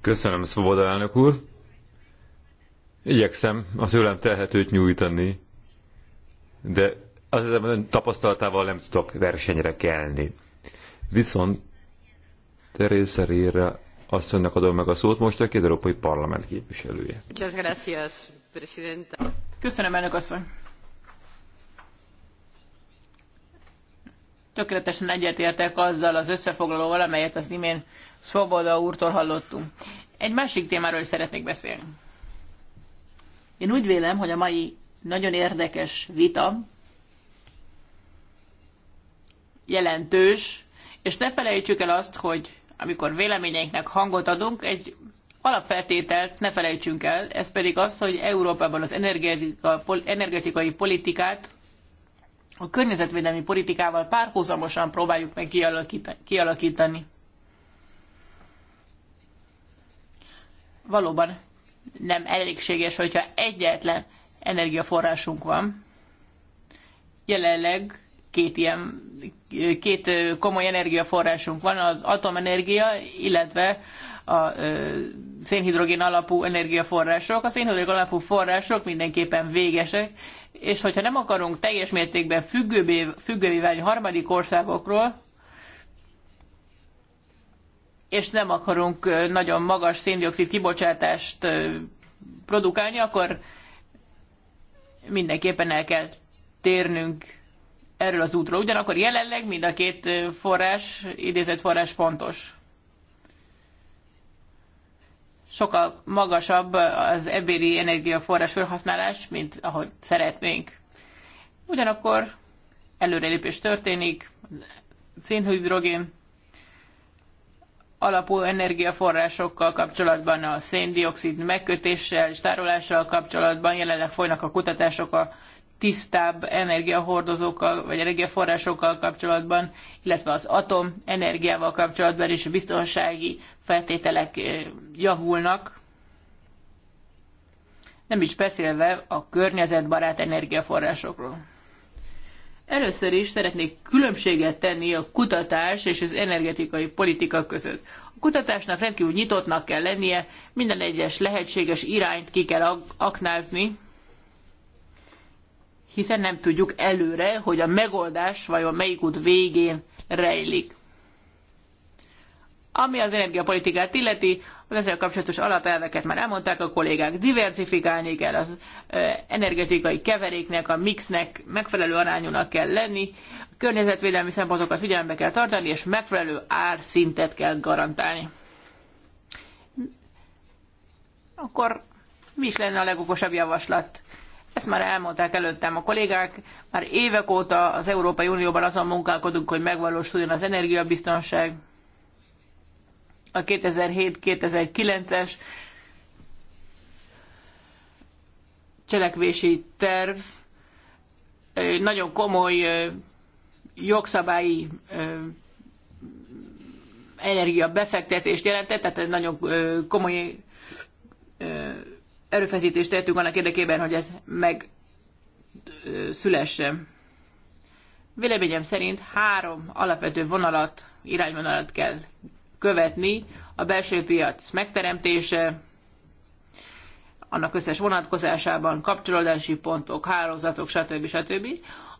Speaker 2: Köszönöm, Szoboda elnök úr. Igyekszem a tőlem telhetőt nyújtani, de az ön tapasztalatával nem tudok versenyre kelni. Viszont Teresa Riera asszonynak adom meg a szót most, aki az Európai Parlament képviselője.
Speaker 4: Köszönöm, elnök asszony. Tökéletesen egyetértek azzal az összefoglalóval, amelyet az imént Svoboda úrtól hallottunk. Egy másik témáról is szeretnék beszélni. Én úgy vélem, hogy a mai nagyon érdekes vita jelentős, és ne felejtsük el azt, hogy amikor véleményeinknek hangot adunk, egy alapfeltételt ne felejtsünk el, ez pedig az, hogy Európában az energetika, energetikai politikát a környezetvédelmi politikával párhuzamosan próbáljuk meg kialakítani. Valóban nem elégséges, hogyha egyetlen energiaforrásunk van. Jelenleg két ilyen két komoly energiaforrásunk van, az atomenergia, illetve a szénhidrogén alapú energiaforrások. A szénhidrogén alapú források mindenképpen végesek, és hogyha nem akarunk teljes mértékben függővé, függővé válni harmadik országokról, és nem akarunk nagyon magas széndiokszid kibocsátást produkálni, akkor mindenképpen el kell térnünk erről az útról. Ugyanakkor jelenleg mind a két forrás, idézett forrás fontos. Sokkal magasabb az ebéri energiaforrás felhasználás, mint ahogy szeretnénk. Ugyanakkor előrelépés történik, szénhidrogén alapú energiaforrásokkal kapcsolatban, a széndiokszid megkötéssel és tárolással kapcsolatban jelenleg folynak a kutatások a tisztább energiahordozókkal vagy energiaforrásokkal kapcsolatban, illetve az atomenergiával kapcsolatban is biztonsági feltételek javulnak. Nem is beszélve a környezetbarát energiaforrásokról. Először is szeretnék különbséget tenni a kutatás és az energetikai politika között. A kutatásnak rendkívül nyitottnak kell lennie, minden egyes lehetséges irányt ki kell aknázni, hiszen nem tudjuk előre, hogy a megoldás vajon melyik út végén rejlik. Ami az energiapolitikát illeti, az ezzel kapcsolatos alapelveket már elmondták a kollégák, diversifikálni kell az energetikai keveréknek, a mixnek megfelelő arányúnak kell lenni, a környezetvédelmi szempontokat figyelembe kell tartani, és megfelelő árszintet kell garantálni. Akkor mi is lenne a legokosabb javaslat? Ezt már elmondták előttem a kollégák, már évek óta az Európai Unióban azon munkálkodunk, hogy megvalósuljon az energiabiztonság. A 2007-2009-es cselekvési terv nagyon komoly jogszabályi energia jelentett, tehát nagyon komoly erőfeszítést tettünk annak érdekében, hogy ez meg szülessen. Véleményem szerint három alapvető vonalat, irányvonalat kell követni. A belső piac megteremtése, annak összes vonatkozásában, kapcsolódási pontok, hálózatok, stb. stb.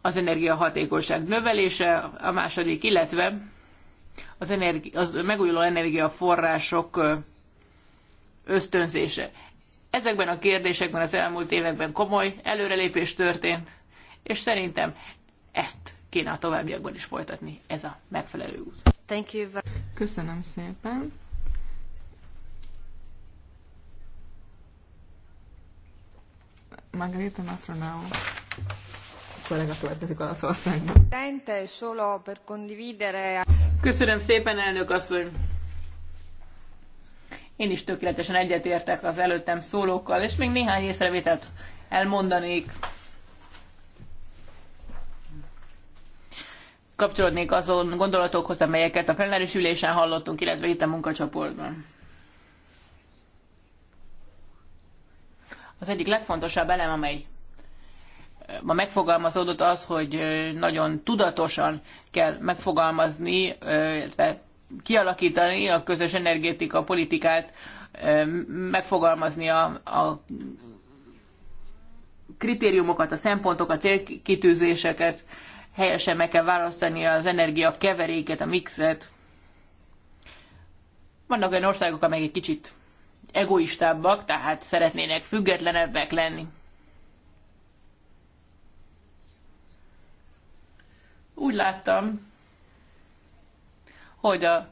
Speaker 4: Az energiahatékonyság növelése, a második, illetve az, energi- az megújuló energiaforrások ösztönzése. Ezekben a kérdésekben az elmúlt években komoly előrelépés történt, és szerintem ezt kéne a továbbiakban is folytatni. Ez a megfelelő út. Thank you.
Speaker 3: Köszönöm szépen. Margarita Mafronau kollega
Speaker 4: következik Olaszországban. Köszönöm szépen, elnök asszony! Én is tökéletesen egyetértek az előttem szólókkal, és még néhány észrevételt elmondanék. Kapcsolódnék azon gondolatokhoz, amelyeket a plenáris ülésen hallottunk, illetve itt a munkacsoportban. Az egyik legfontosabb elem, amely eh, ma megfogalmazódott az, hogy eh, nagyon tudatosan kell megfogalmazni, eh, illetve kialakítani a közös energetika politikát, megfogalmazni a, a kritériumokat, a szempontokat, a célkitűzéseket, helyesen meg kell választani az energia keveréket, a mixet. Vannak olyan országok, amelyek egy kicsit egoistábbak, tehát szeretnének függetlenebbek lenni. Úgy láttam, hogy a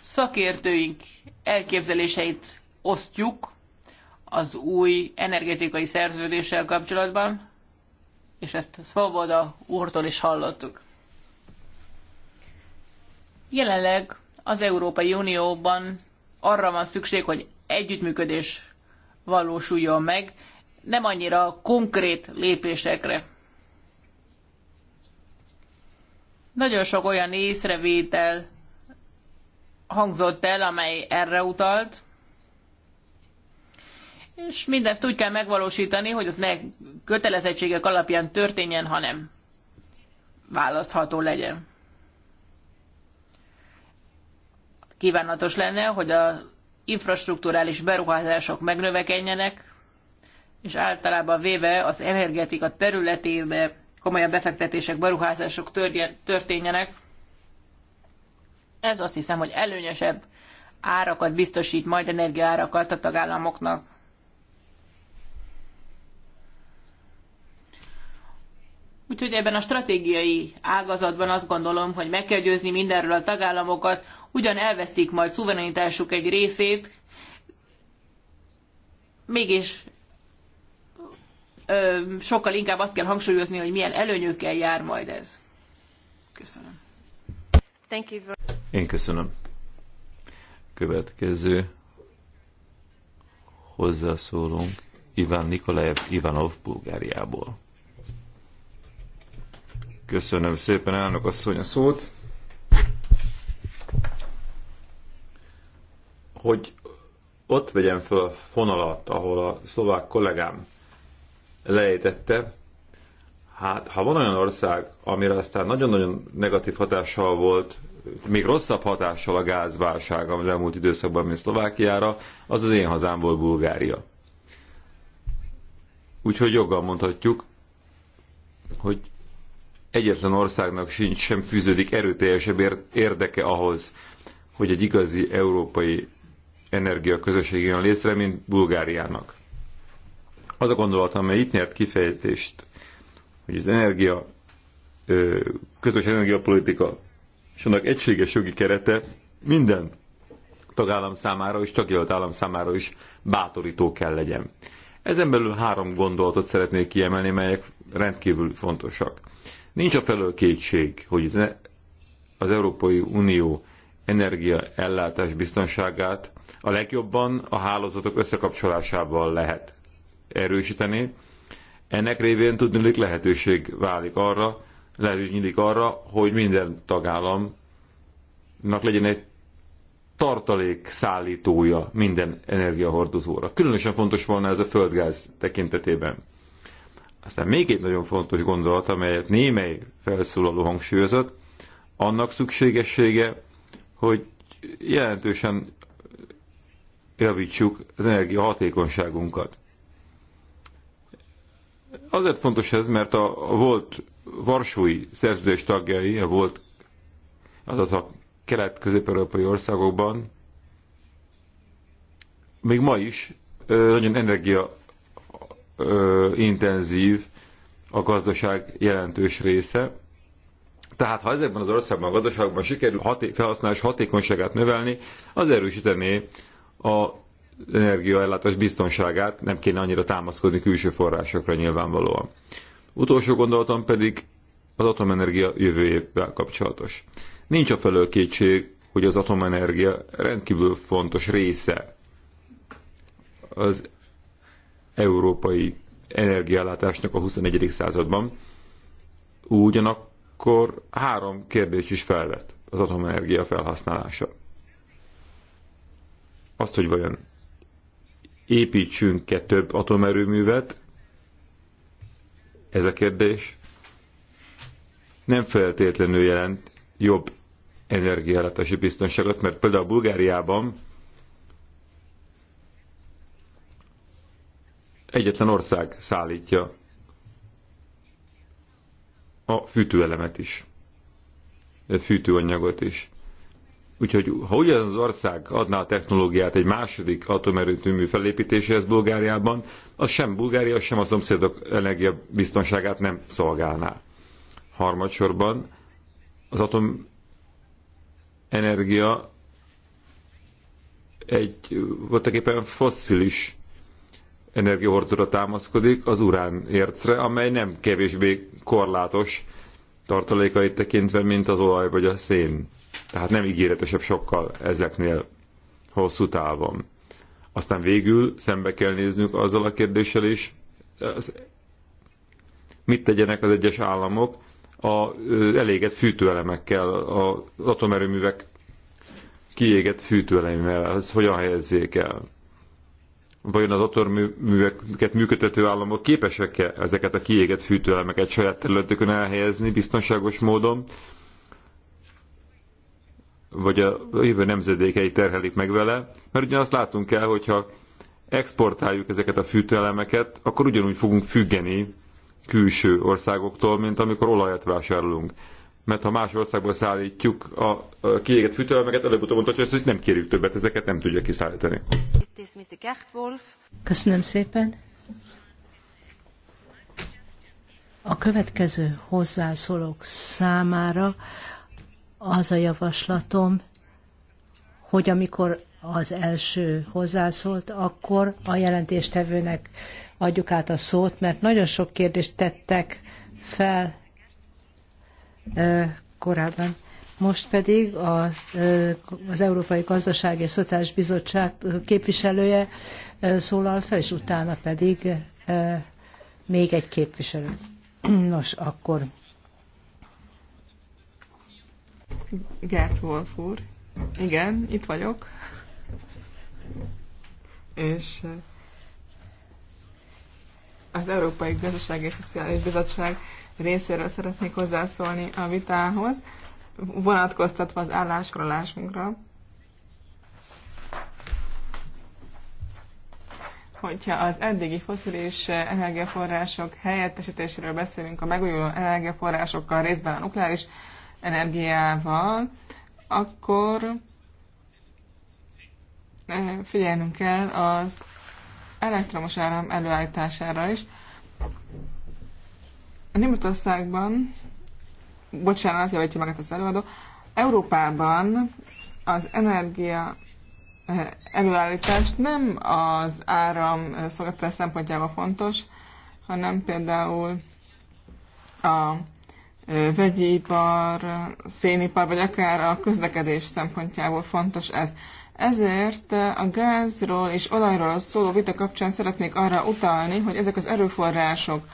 Speaker 4: szakértőink elképzeléseit osztjuk az új energetikai szerződéssel kapcsolatban, és ezt Svoboda úrtól is hallottuk. Jelenleg az Európai Unióban arra van szükség, hogy együttműködés valósuljon meg, nem annyira konkrét lépésekre. Nagyon sok olyan észrevétel hangzott el, amely erre utalt, és mindezt úgy kell megvalósítani, hogy az ne kötelezettségek alapján történjen, hanem választható legyen. Kívánatos lenne, hogy a infrastruktúrális beruházások megnövekedjenek, és általában véve az energetika területébe komolyabb befektetések, beruházások történjenek, ez azt hiszem, hogy előnyesebb árakat biztosít majd energiaárakat a tagállamoknak. Úgyhogy ebben a stratégiai ágazatban azt gondolom, hogy meg kell győzni mindenről a tagállamokat, ugyan elvesztik majd szuverenitásuk egy részét, mégis ö, sokkal inkább azt kell hangsúlyozni, hogy milyen előnyökkel jár majd ez. Köszönöm.
Speaker 2: Én köszönöm. Következő hozzászólunk Iván Nikolaev Ivanov Bulgáriából. Köszönöm szépen, elnök asszony a szót. Hogy ott vegyem fel a fonalat, ahol a szlovák kollégám lejtette, hát ha van olyan ország, amire aztán nagyon-nagyon negatív hatással volt még rosszabb hatással a gázválság az elmúlt időszakban, mint Szlovákiára, az az én hazám volt Bulgária. Úgyhogy joggal mondhatjuk, hogy egyetlen országnak sincs, sem fűződik erőteljesebb érdeke ahhoz, hogy egy igazi európai közösség jön létre, mint Bulgáriának. Az a gondolat, amely itt nyert kifejtést, hogy az energia, közös energiapolitika és annak egységes jogi kerete minden tagállam számára és tagjelölt állam számára is bátorító kell legyen. Ezen belül három gondolatot szeretnék kiemelni, melyek rendkívül fontosak. Nincs a felől kétség, hogy az Európai Unió energiaellátás biztonságát a legjobban a hálózatok összekapcsolásával lehet erősíteni. Ennek révén tudnilik lehetőség válik arra, lehetőség nyílik arra, hogy minden tagállamnak legyen egy tartalék szállítója minden energiahordozóra. Különösen fontos volna ez a földgáz tekintetében. Aztán még egy nagyon fontos gondolat, amelyet némely felszólaló hangsúlyozott, annak szükségessége, hogy jelentősen javítsuk az energiahatékonyságunkat. Azért fontos ez, mert a volt Varsói szerződés tagjai a volt, azaz a kelet-közép-európai országokban még ma is nagyon energia intenzív a gazdaság jelentős része. Tehát ha ezekben az országban a gazdaságban sikerül haté felhasználás hatékonyságát növelni, az erősítené a energiaellátás biztonságát, nem kéne annyira támaszkodni külső forrásokra nyilvánvalóan. Utolsó gondolatom pedig az atomenergia jövőjével kapcsolatos. Nincs a felől kétség, hogy az atomenergia rendkívül fontos része az európai energiállátásnak a 21. században. Ugyanakkor három kérdés is felvet az atomenergia felhasználása. Azt, hogy vajon építsünk-e több atomerőművet, ez a kérdés nem feltétlenül jelent jobb energiállátási biztonságot, mert például Bulgáriában egyetlen ország szállítja a fűtőelemet is, a fűtőanyagot is. Úgyhogy ha ugyanaz az ország adná a technológiát egy második atomerőtűmű felépítéséhez Bulgáriában, az sem Bulgária, sem a szomszédok biztonságát nem szolgálná. Harmadsorban az atomenergia egy voltak éppen fosszilis energiahordozóra támaszkodik, az urán ércre, amely nem kevésbé korlátos tartalékait tekintve, mint az olaj vagy a szén. Tehát nem ígéretesebb sokkal ezeknél hosszú távon. Aztán végül szembe kell néznünk azzal a kérdéssel is, az, mit tegyenek az egyes államok a eléget fűtőelemekkel, az atomerőművek kiégett fűtőelemekkel, ez hogyan helyezzék el? Vajon az atomműveket működtető államok képesek-e ezeket a kiégett fűtőelemeket saját területükön elhelyezni biztonságos módon, vagy a jövő nemzedékei terhelik meg vele, mert ugyanazt látunk el, hogyha exportáljuk ezeket a fűtőelemeket, akkor ugyanúgy fogunk függeni külső országoktól, mint amikor olajat vásárolunk. Mert ha más országból szállítjuk a kiégett fűtőelemeket, előbb-utóbb mondhatja, hogy nem kérjük többet, ezeket nem tudja kiszállítani.
Speaker 1: Köszönöm szépen. A következő hozzászólók számára az a javaslatom, hogy amikor az első hozzászólt, akkor a jelentéstevőnek adjuk át a szót, mert nagyon sok kérdést tettek fel korábban. Most pedig a, az Európai Gazdaság és Szociális Bizottság képviselője szólal fel, és utána pedig még egy képviselő. Nos, akkor
Speaker 3: Gert Wolf úr. Igen, itt vagyok. És eh, az Európai Gazdasági és Szociális Bizottság részéről szeretnék hozzászólni a vitához, vonatkoztatva az állásfoglalásunkra. Hogyha az eddigi foszilis eh, energiaforrások helyettesítéséről beszélünk a megújuló energiaforrásokkal, részben a nukleáris energiával, akkor eh, figyelnünk kell az elektromos áram előállítására is. A Németországban, bocsánat, javítja magát az előadó, Európában az energia eh, előállítást nem az áram szolgáltatás szempontjából fontos, hanem például a vegyi ipar, szénipar, vagy akár a közlekedés szempontjából fontos ez. Ezért a gázról és olajról szóló vita kapcsán szeretnék arra utalni, hogy ezek az erőforrások,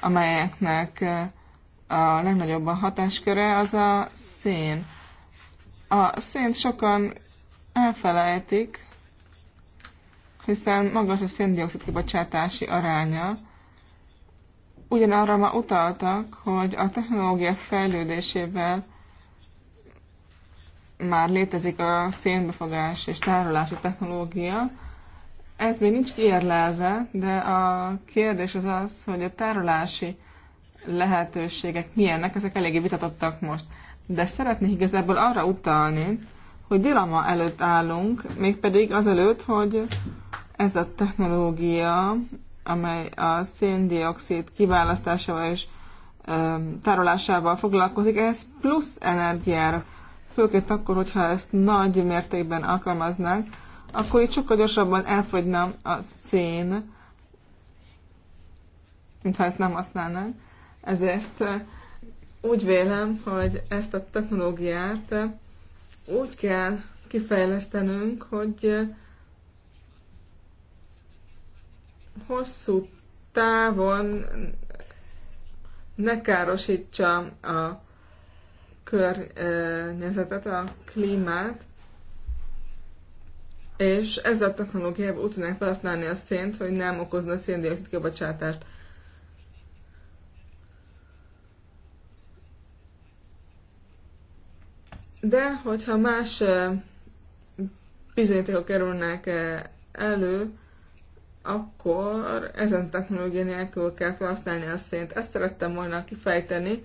Speaker 3: amelyeknek a legnagyobb a hatásköre, az a szén. A szént sokan elfelejtik, hiszen magas a széndiokszid kibocsátási aránya, ugyanarra ma utaltak, hogy a technológia fejlődésével már létezik a szénbefogás és tárolási technológia. Ez még nincs kiérlelve, de a kérdés az az, hogy a tárolási lehetőségek milyenek, ezek eléggé vitatottak most. De szeretnék igazából arra utalni, hogy dilema előtt állunk, mégpedig azelőtt, hogy ez a technológia amely a széndiokszid kiválasztásával és tárolásával foglalkozik, ez plusz energiára, főként akkor, hogyha ezt nagy mértékben alkalmaznánk, akkor itt sokkal gyorsabban elfogyna a szén, mintha ezt nem használnánk. Ezért úgy vélem, hogy ezt a technológiát úgy kell kifejlesztenünk, hogy hosszú távon ne károsítsa a környezetet, a klímát, és ezzel a technológiával úgy tudnánk felhasználni a szént, hogy nem okozna széndiokszid kibocsátást. De, hogyha más eh, bizonyítékok kerülnek eh, elő, akkor ezen technológia nélkül kell felhasználni a szént. Ezt szerettem volna kifejteni,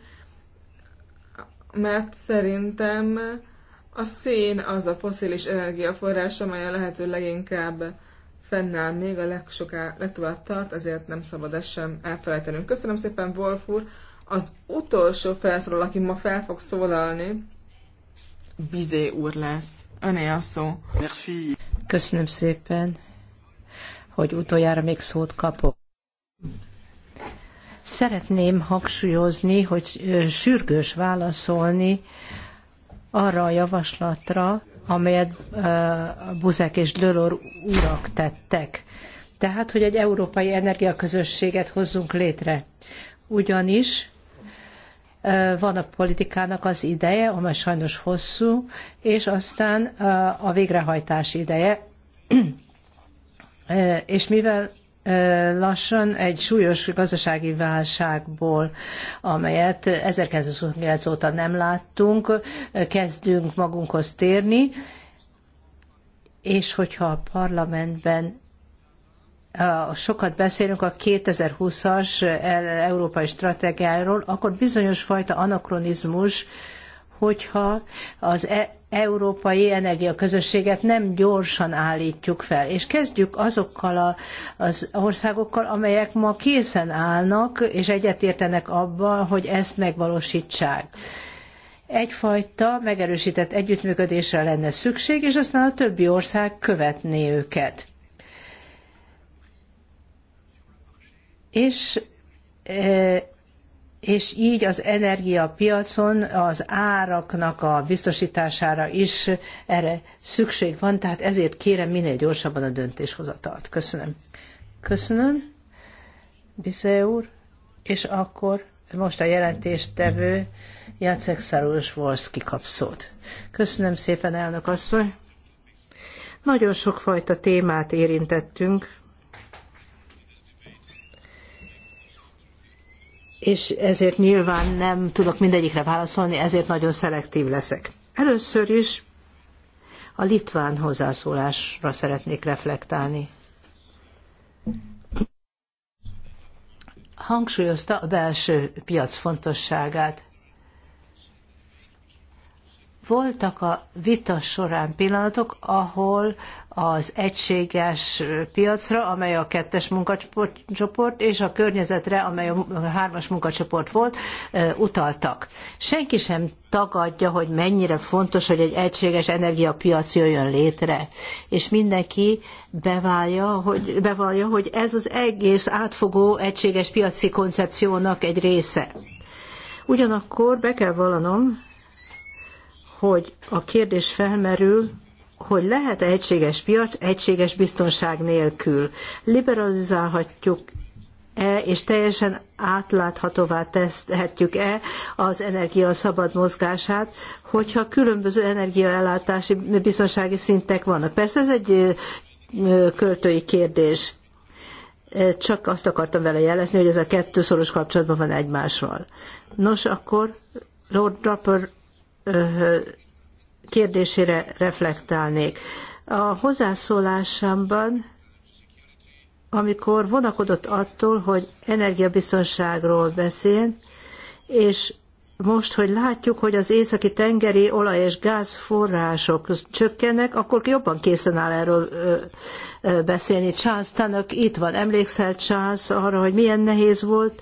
Speaker 3: mert szerintem a szén az a foszilis energiaforrás, amely a lehető leginkább fennáll még a legsoká, legtovább tart, ezért nem szabad ezt sem elfelejtenünk. Köszönöm szépen, Wolf úr! Az utolsó felszólal, aki ma fel fog szólalni, Bizé úr lesz. Öné a szó. Merci.
Speaker 1: Köszönöm szépen hogy utoljára még szót kapok. Szeretném hangsúlyozni, hogy sürgős válaszolni arra a javaslatra, amelyet Buzek és Dölor urak tettek. Tehát, hogy egy európai energiaközösséget hozzunk létre. Ugyanis van a politikának az ideje, amely sajnos hosszú, és aztán a végrehajtás ideje, és mivel lassan egy súlyos gazdasági válságból, amelyet 1929 óta nem láttunk, kezdünk magunkhoz térni, és hogyha a parlamentben sokat beszélünk a 2020-as európai stratégiáról, akkor bizonyos fajta anakronizmus, hogyha az e európai energiaközösséget nem gyorsan állítjuk fel, és kezdjük azokkal a, az országokkal, amelyek ma készen állnak, és egyetértenek abban, hogy ezt megvalósítsák. Egyfajta megerősített együttműködésre lenne szükség, és aztán a többi ország követné őket. És eh, és így az energiapiacon az áraknak a biztosítására is erre szükség van, tehát ezért kérem minél gyorsabban a döntéshozatalt. Köszönöm. Köszönöm, Bisze úr, és akkor most a jelentéstevő Jacek Szarús kap szót. Köszönöm szépen, elnök asszony. Nagyon sokfajta témát érintettünk, és ezért nyilván nem tudok mindegyikre válaszolni, ezért nagyon szelektív leszek. Először is a litván hozzászólásra szeretnék reflektálni. Hangsúlyozta a belső piac fontosságát voltak a vita során pillanatok, ahol az egységes piacra, amely a kettes munkacsoport, és a környezetre, amely a hármas munkacsoport volt, utaltak. Senki sem tagadja, hogy mennyire fontos, hogy egy egységes energiapiac jöjjön létre, és mindenki bevallja, hogy, bevallja, hogy ez az egész átfogó egységes piaci koncepciónak egy része. Ugyanakkor be kell vallanom, hogy a kérdés felmerül, hogy lehet -e egységes piac egységes biztonság nélkül. Liberalizálhatjuk-e és teljesen átláthatóvá tehetjük-e az energia szabad mozgását, hogyha különböző energiaellátási biztonsági szintek vannak. Persze ez egy költői kérdés. Csak azt akartam vele jelezni, hogy ez a kettő szoros kapcsolatban van egymással. Nos, akkor Lord Draper kérdésére reflektálnék. A hozzászólásomban, amikor vonakodott attól, hogy energiabiztonságról beszél, és most, hogy látjuk, hogy az északi tengeri olaj- és gázforrások csökkennek, akkor jobban készen áll erről beszélni. Charles Tanök itt van. Emlékszel, Charles, arra, hogy milyen nehéz volt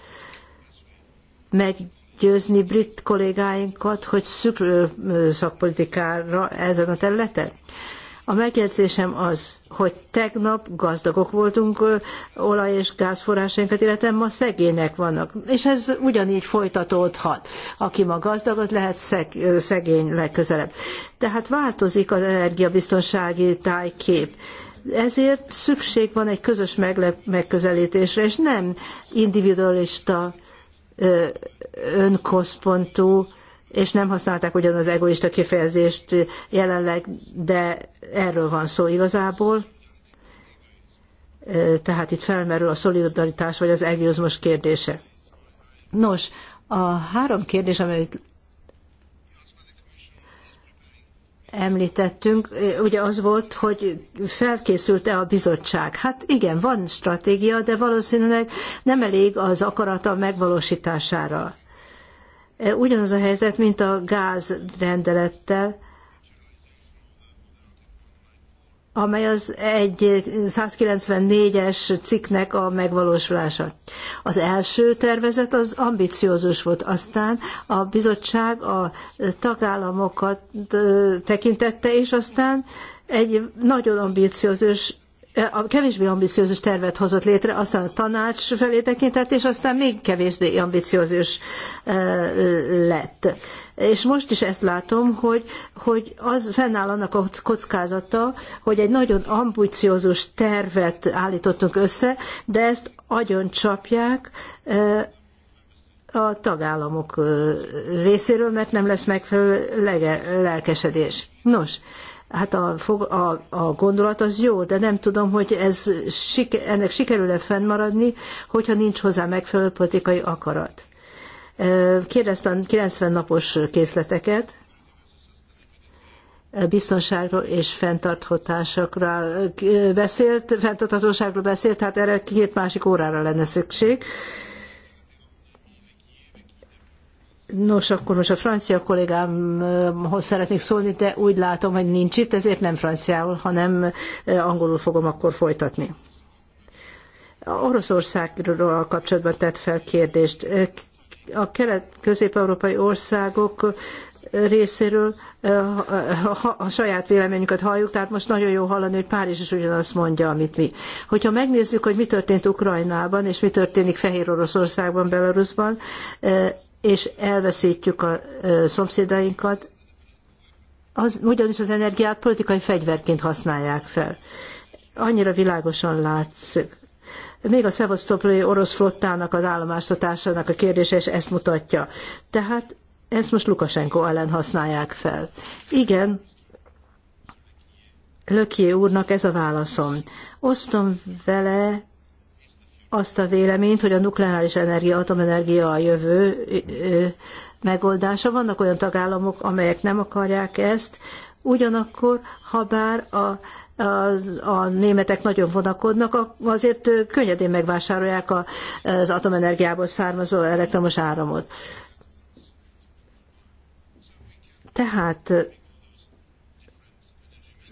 Speaker 1: meg győzni brit kollégáinkat, hogy szűk szakpolitikára ezen a területen? A megjegyzésem az, hogy tegnap gazdagok voltunk olaj- és gázforrásainkat, illetve ma szegények vannak. És ez ugyanígy folytatódhat. Aki ma gazdag, az lehet szeg- szegény legközelebb. Tehát változik az energiabiztonsági tájkép. Ezért szükség van egy közös megközelítésre, és nem individualista önközpontú, és nem használták ugyan az egoista kifejezést jelenleg, de erről van szó igazából. Tehát itt felmerül a szolidaritás vagy az egoizmus kérdése. Nos, a három kérdés, amelyet említettünk, ugye az volt, hogy felkészült-e a bizottság. Hát igen, van stratégia, de valószínűleg nem elég az akarata megvalósítására Ugyanaz a helyzet, mint a gázrendelettel, amely az egy 194-es cikknek a megvalósulása. Az első tervezet az ambiciózus volt, aztán a bizottság a tagállamokat tekintette, és aztán egy nagyon ambiciózus a kevésbé ambiciózus tervet hozott létre, aztán a tanács felé tekintett, és aztán még kevésbé ambiciózus eh, lett. És most is ezt látom, hogy, hogy az fennáll annak a kockázata, hogy egy nagyon ambiciózus tervet állítottunk össze, de ezt agyon csapják eh, a tagállamok eh, részéről, mert nem lesz megfelelő lelkesedés. Nos, hát a, a, a gondolat az jó, de nem tudom, hogy ez, ennek sikerül-e fennmaradni, hogyha nincs hozzá megfelelő politikai akarat. Kérdeztem 90 napos készleteket, biztonságról és fenntarthatásokról beszélt, fenntarthatóságról beszélt, tehát erre két másik órára lenne szükség. Nos, akkor most a francia kollégámhoz szeretnék szólni, de úgy látom, hogy nincs itt, ezért nem franciául, hanem angolul fogom akkor folytatni. Oroszországról kapcsolatban tett fel kérdést. A kelet-közép-európai országok részéről a saját véleményünket halljuk, tehát most nagyon jó hallani, hogy Párizs is ugyanazt mondja, amit mi. Hogyha megnézzük, hogy mi történt Ukrajnában, és mi történik Fehér Oroszországban, Belarusban, és elveszítjük a szomszédainkat, az, ugyanis az energiát politikai fegyverként használják fel. Annyira világosan látszik. Még a szevasztopolói orosz flottának az állomástatásának a kérdése is ezt mutatja. Tehát ezt most Lukasenko ellen használják fel. Igen, Löki úrnak ez a válaszom. Osztom vele azt a véleményt, hogy a nukleáris energia, atomenergia a jövő megoldása. Vannak olyan tagállamok, amelyek nem akarják ezt, ugyanakkor, ha bár a a, a németek nagyon vonakodnak, azért könnyedén megvásárolják az atomenergiából származó elektromos áramot. Tehát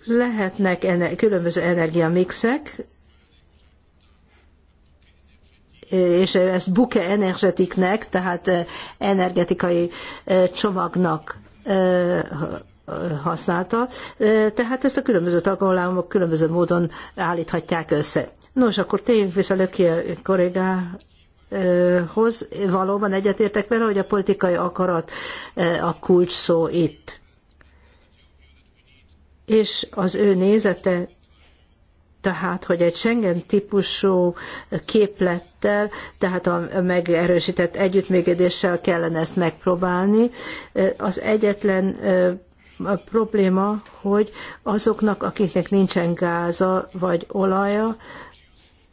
Speaker 1: lehetnek ener- különböző energiamixek, és ezt buke energetiknek, tehát energetikai csomagnak használta. Tehát ezt a különböző tagállamok különböző módon állíthatják össze. Nos, akkor tényleg vissza a kollégához. Valóban egyetértek vele, hogy a politikai akarat a kulcs szó itt. És az ő nézete tehát, hogy egy Schengen típusú képlettel, tehát a megerősített együttműködéssel kellene ezt megpróbálni. Az egyetlen a probléma, hogy azoknak, akiknek nincsen gáza vagy olaja,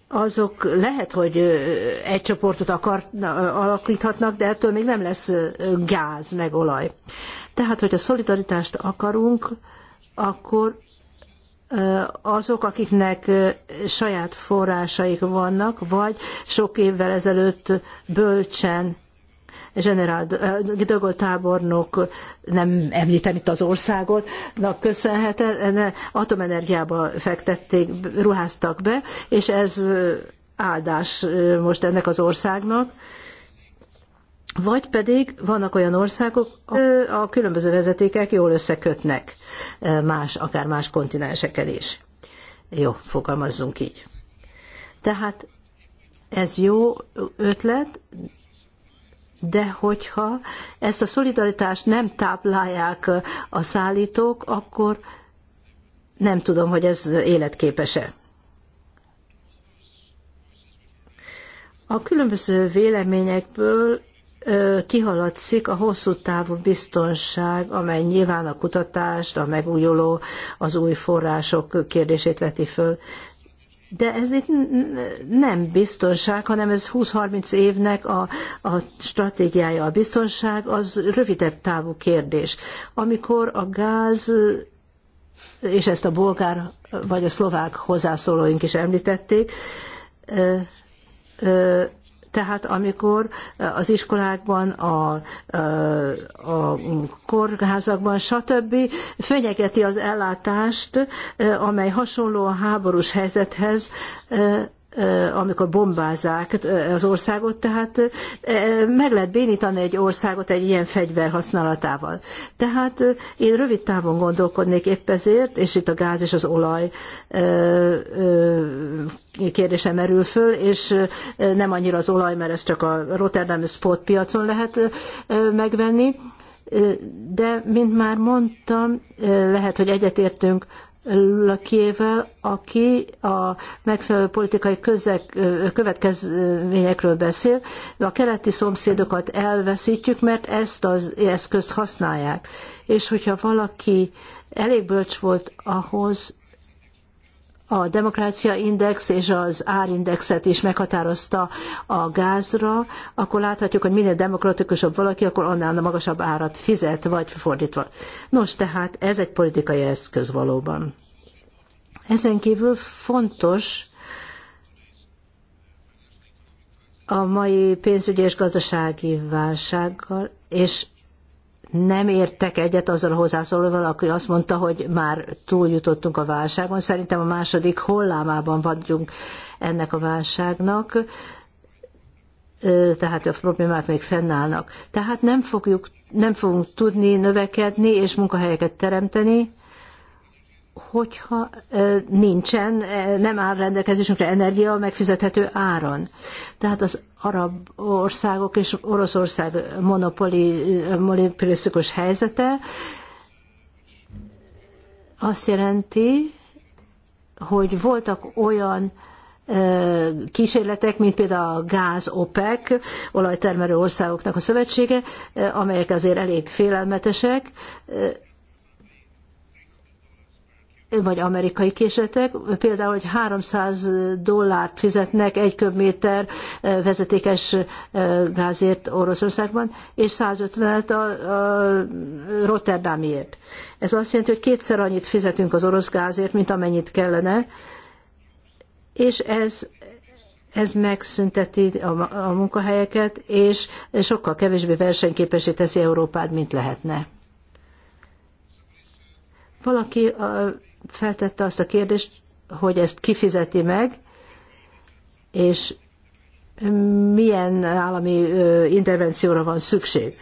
Speaker 1: azok lehet, hogy egy csoportot akar, alakíthatnak, de ettől még nem lesz gáz meg olaj. Tehát, a szolidaritást akarunk, akkor azok, akiknek saját forrásaik vannak, vagy sok évvel ezelőtt bölcsen generál de tábornok, nem említem itt az országot, köszönhetően atomenergiába fektették, ruháztak be, és ez áldás most ennek az országnak vagy pedig vannak olyan országok, a különböző vezetékek jól összekötnek más, akár más kontinenseken is. Jó, fogalmazzunk így. Tehát ez jó ötlet, de hogyha ezt a szolidaritást nem táplálják a szállítók, akkor nem tudom, hogy ez életképes-e. A különböző véleményekből kihaladszik a hosszú távú biztonság, amely nyilván a kutatást, a megújuló, az új források kérdését veti föl. De ez itt nem biztonság, hanem ez 20-30 évnek a, a stratégiája. A biztonság az rövidebb távú kérdés. Amikor a gáz, és ezt a bolgár vagy a szlovák hozzászólóink is említették, tehát amikor az iskolákban, a, a kórházakban, stb. fenyegeti az ellátást, amely hasonló a háborús helyzethez, amikor bombázák az országot, tehát meg lehet bénítani egy országot egy ilyen fegyver használatával. Tehát én rövid távon gondolkodnék épp ezért, és itt a gáz és az olaj kérdése merül föl, és nem annyira az olaj, mert ezt csak a Rotterdam spot piacon lehet megvenni, de mint már mondtam, lehet, hogy egyetértünk Lakievel, aki a megfelelő politikai közeg, következményekről beszél. A keleti szomszédokat elveszítjük, mert ezt az eszközt használják. És hogyha valaki elég bölcs volt ahhoz, a demokrácia index és az árindexet is meghatározta a gázra, akkor láthatjuk, hogy minél demokratikusabb valaki, akkor annál magasabb árat fizet, vagy fordítva. Nos, tehát ez egy politikai eszköz valóban. Ezen kívül fontos a mai pénzügyi és gazdasági válsággal, és nem értek egyet azzal a hozzászólóval, aki azt mondta, hogy már túljutottunk a válságon. Szerintem a második hollámában vagyunk ennek a válságnak, tehát a problémák még fennállnak. Tehát nem, fogjuk, nem fogunk tudni növekedni és munkahelyeket teremteni, hogyha nincsen, nem áll rendelkezésünkre energia megfizethető áron. Tehát az arab országok és Oroszország monopolisztikus helyzete azt jelenti, hogy voltak olyan kísérletek, mint például a gáz OPEC, olajtermelő országoknak a szövetsége, amelyek azért elég félelmetesek, vagy amerikai készletek, például, hogy 300 dollárt fizetnek egy köbméter vezetékes gázért Oroszországban, és 150-et a, a Rotterdamiért. Ez azt jelenti, hogy kétszer annyit fizetünk az orosz gázért, mint amennyit kellene, és ez ez megszünteti a, a munkahelyeket, és sokkal kevésbé versenyképesé teszi Európát, mint lehetne. Valaki a, feltette azt a kérdést, hogy ezt kifizeti meg, és milyen állami intervencióra van szükség.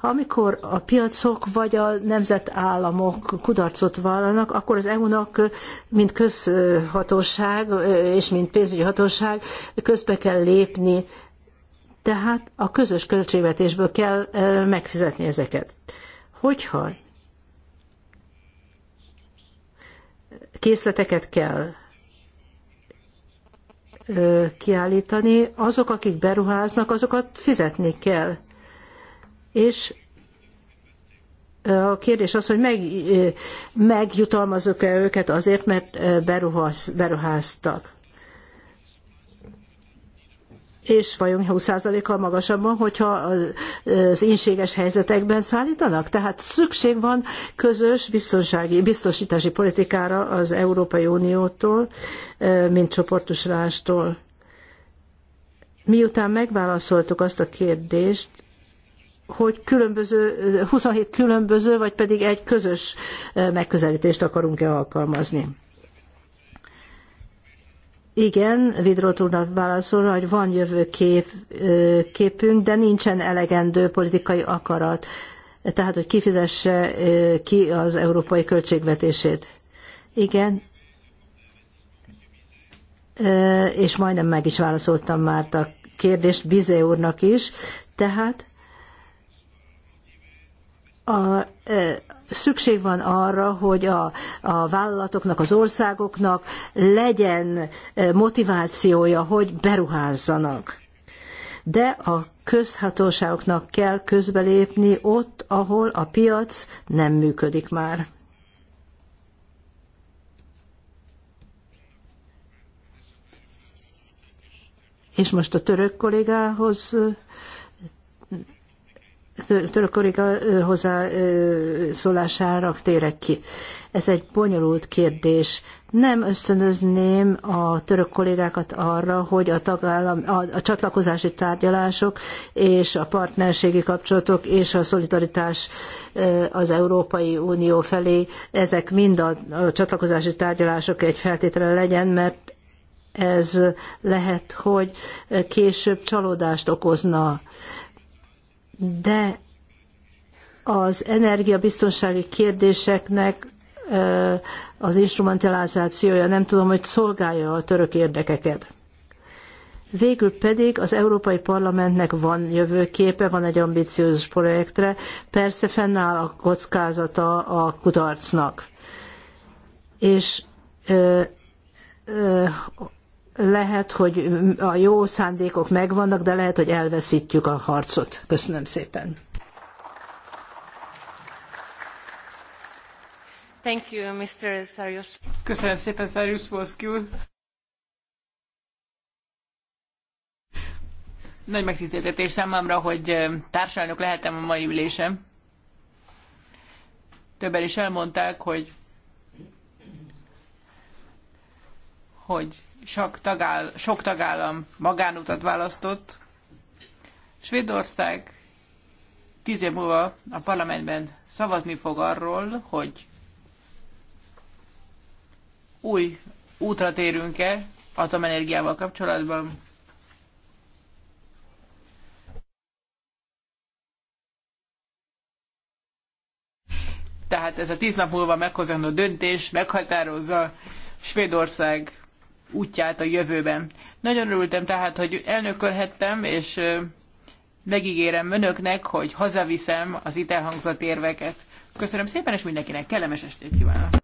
Speaker 1: Amikor a piacok vagy a nemzetállamok kudarcot vallanak, akkor az EU-nak, mint közhatóság és mint pénzügyi hatóság közbe kell lépni, tehát a közös költségvetésből kell megfizetni ezeket. Hogyha készleteket kell kiállítani, azok, akik beruháznak, azokat fizetni kell. És a kérdés az, hogy meg, megjutalmazok-e őket azért, mert beruház, beruháztak és vajon 20%-kal magasabban, hogyha az inséges helyzetekben szállítanak. Tehát szükség van közös biztonsági, biztosítási politikára az Európai Uniótól, mint csoportosulástól. Miután megválaszoltuk azt a kérdést, hogy különböző, 27 különböző, vagy pedig egy közös megközelítést akarunk-e alkalmazni. Igen, Vidrót úrnak válaszolva, hogy van jövőkép, képünk, de nincsen elegendő politikai akarat. Tehát, hogy kifizesse ki az európai költségvetését. Igen. És majdnem meg is válaszoltam már a kérdést Bizé úrnak is. Tehát a, szükség van arra, hogy a, a vállalatoknak, az országoknak legyen motivációja, hogy beruházzanak. De a közhatóságoknak kell közbelépni ott, ahol a piac nem működik már. És most a török kollégához török kolléga hozzászólására térek ki. Ez egy bonyolult kérdés. Nem ösztönözném a török kollégákat arra, hogy a, tagállam, a, a csatlakozási tárgyalások és a partnerségi kapcsolatok és a szolidaritás az Európai Unió felé, ezek mind a, a csatlakozási tárgyalások egy feltétele legyen, mert ez lehet, hogy később csalódást okozna de az energiabiztonsági kérdéseknek az instrumentalizációja nem tudom, hogy szolgálja a török érdekeket. Végül pedig az Európai Parlamentnek van jövőképe, van egy ambiciózus projektre, persze fennáll a kockázata a kudarcnak. És ö, ö, lehet, hogy a jó szándékok megvannak, de lehet, hogy elveszítjük a harcot. Köszönöm szépen. Thank you, Mr. Sarius. Köszönöm
Speaker 4: szépen, Sarius Volszki úr. Nagy megtiszteltetés számomra, hogy társadalmok lehetem a mai ülésem. Többen is elmondták, hogy hogy sok, tagáll, sok tagállam magánutat választott. Svédország tíz év múlva a parlamentben szavazni fog arról, hogy új útra térünk-e atomenergiával kapcsolatban. Tehát ez a tíz nap múlva meghozandó döntés meghatározza Svédország útját a jövőben. Nagyon örültem tehát, hogy elnökölhettem, és megígérem önöknek, hogy hazaviszem az itt elhangzott érveket. Köszönöm szépen, és mindenkinek kellemes estét kívánok!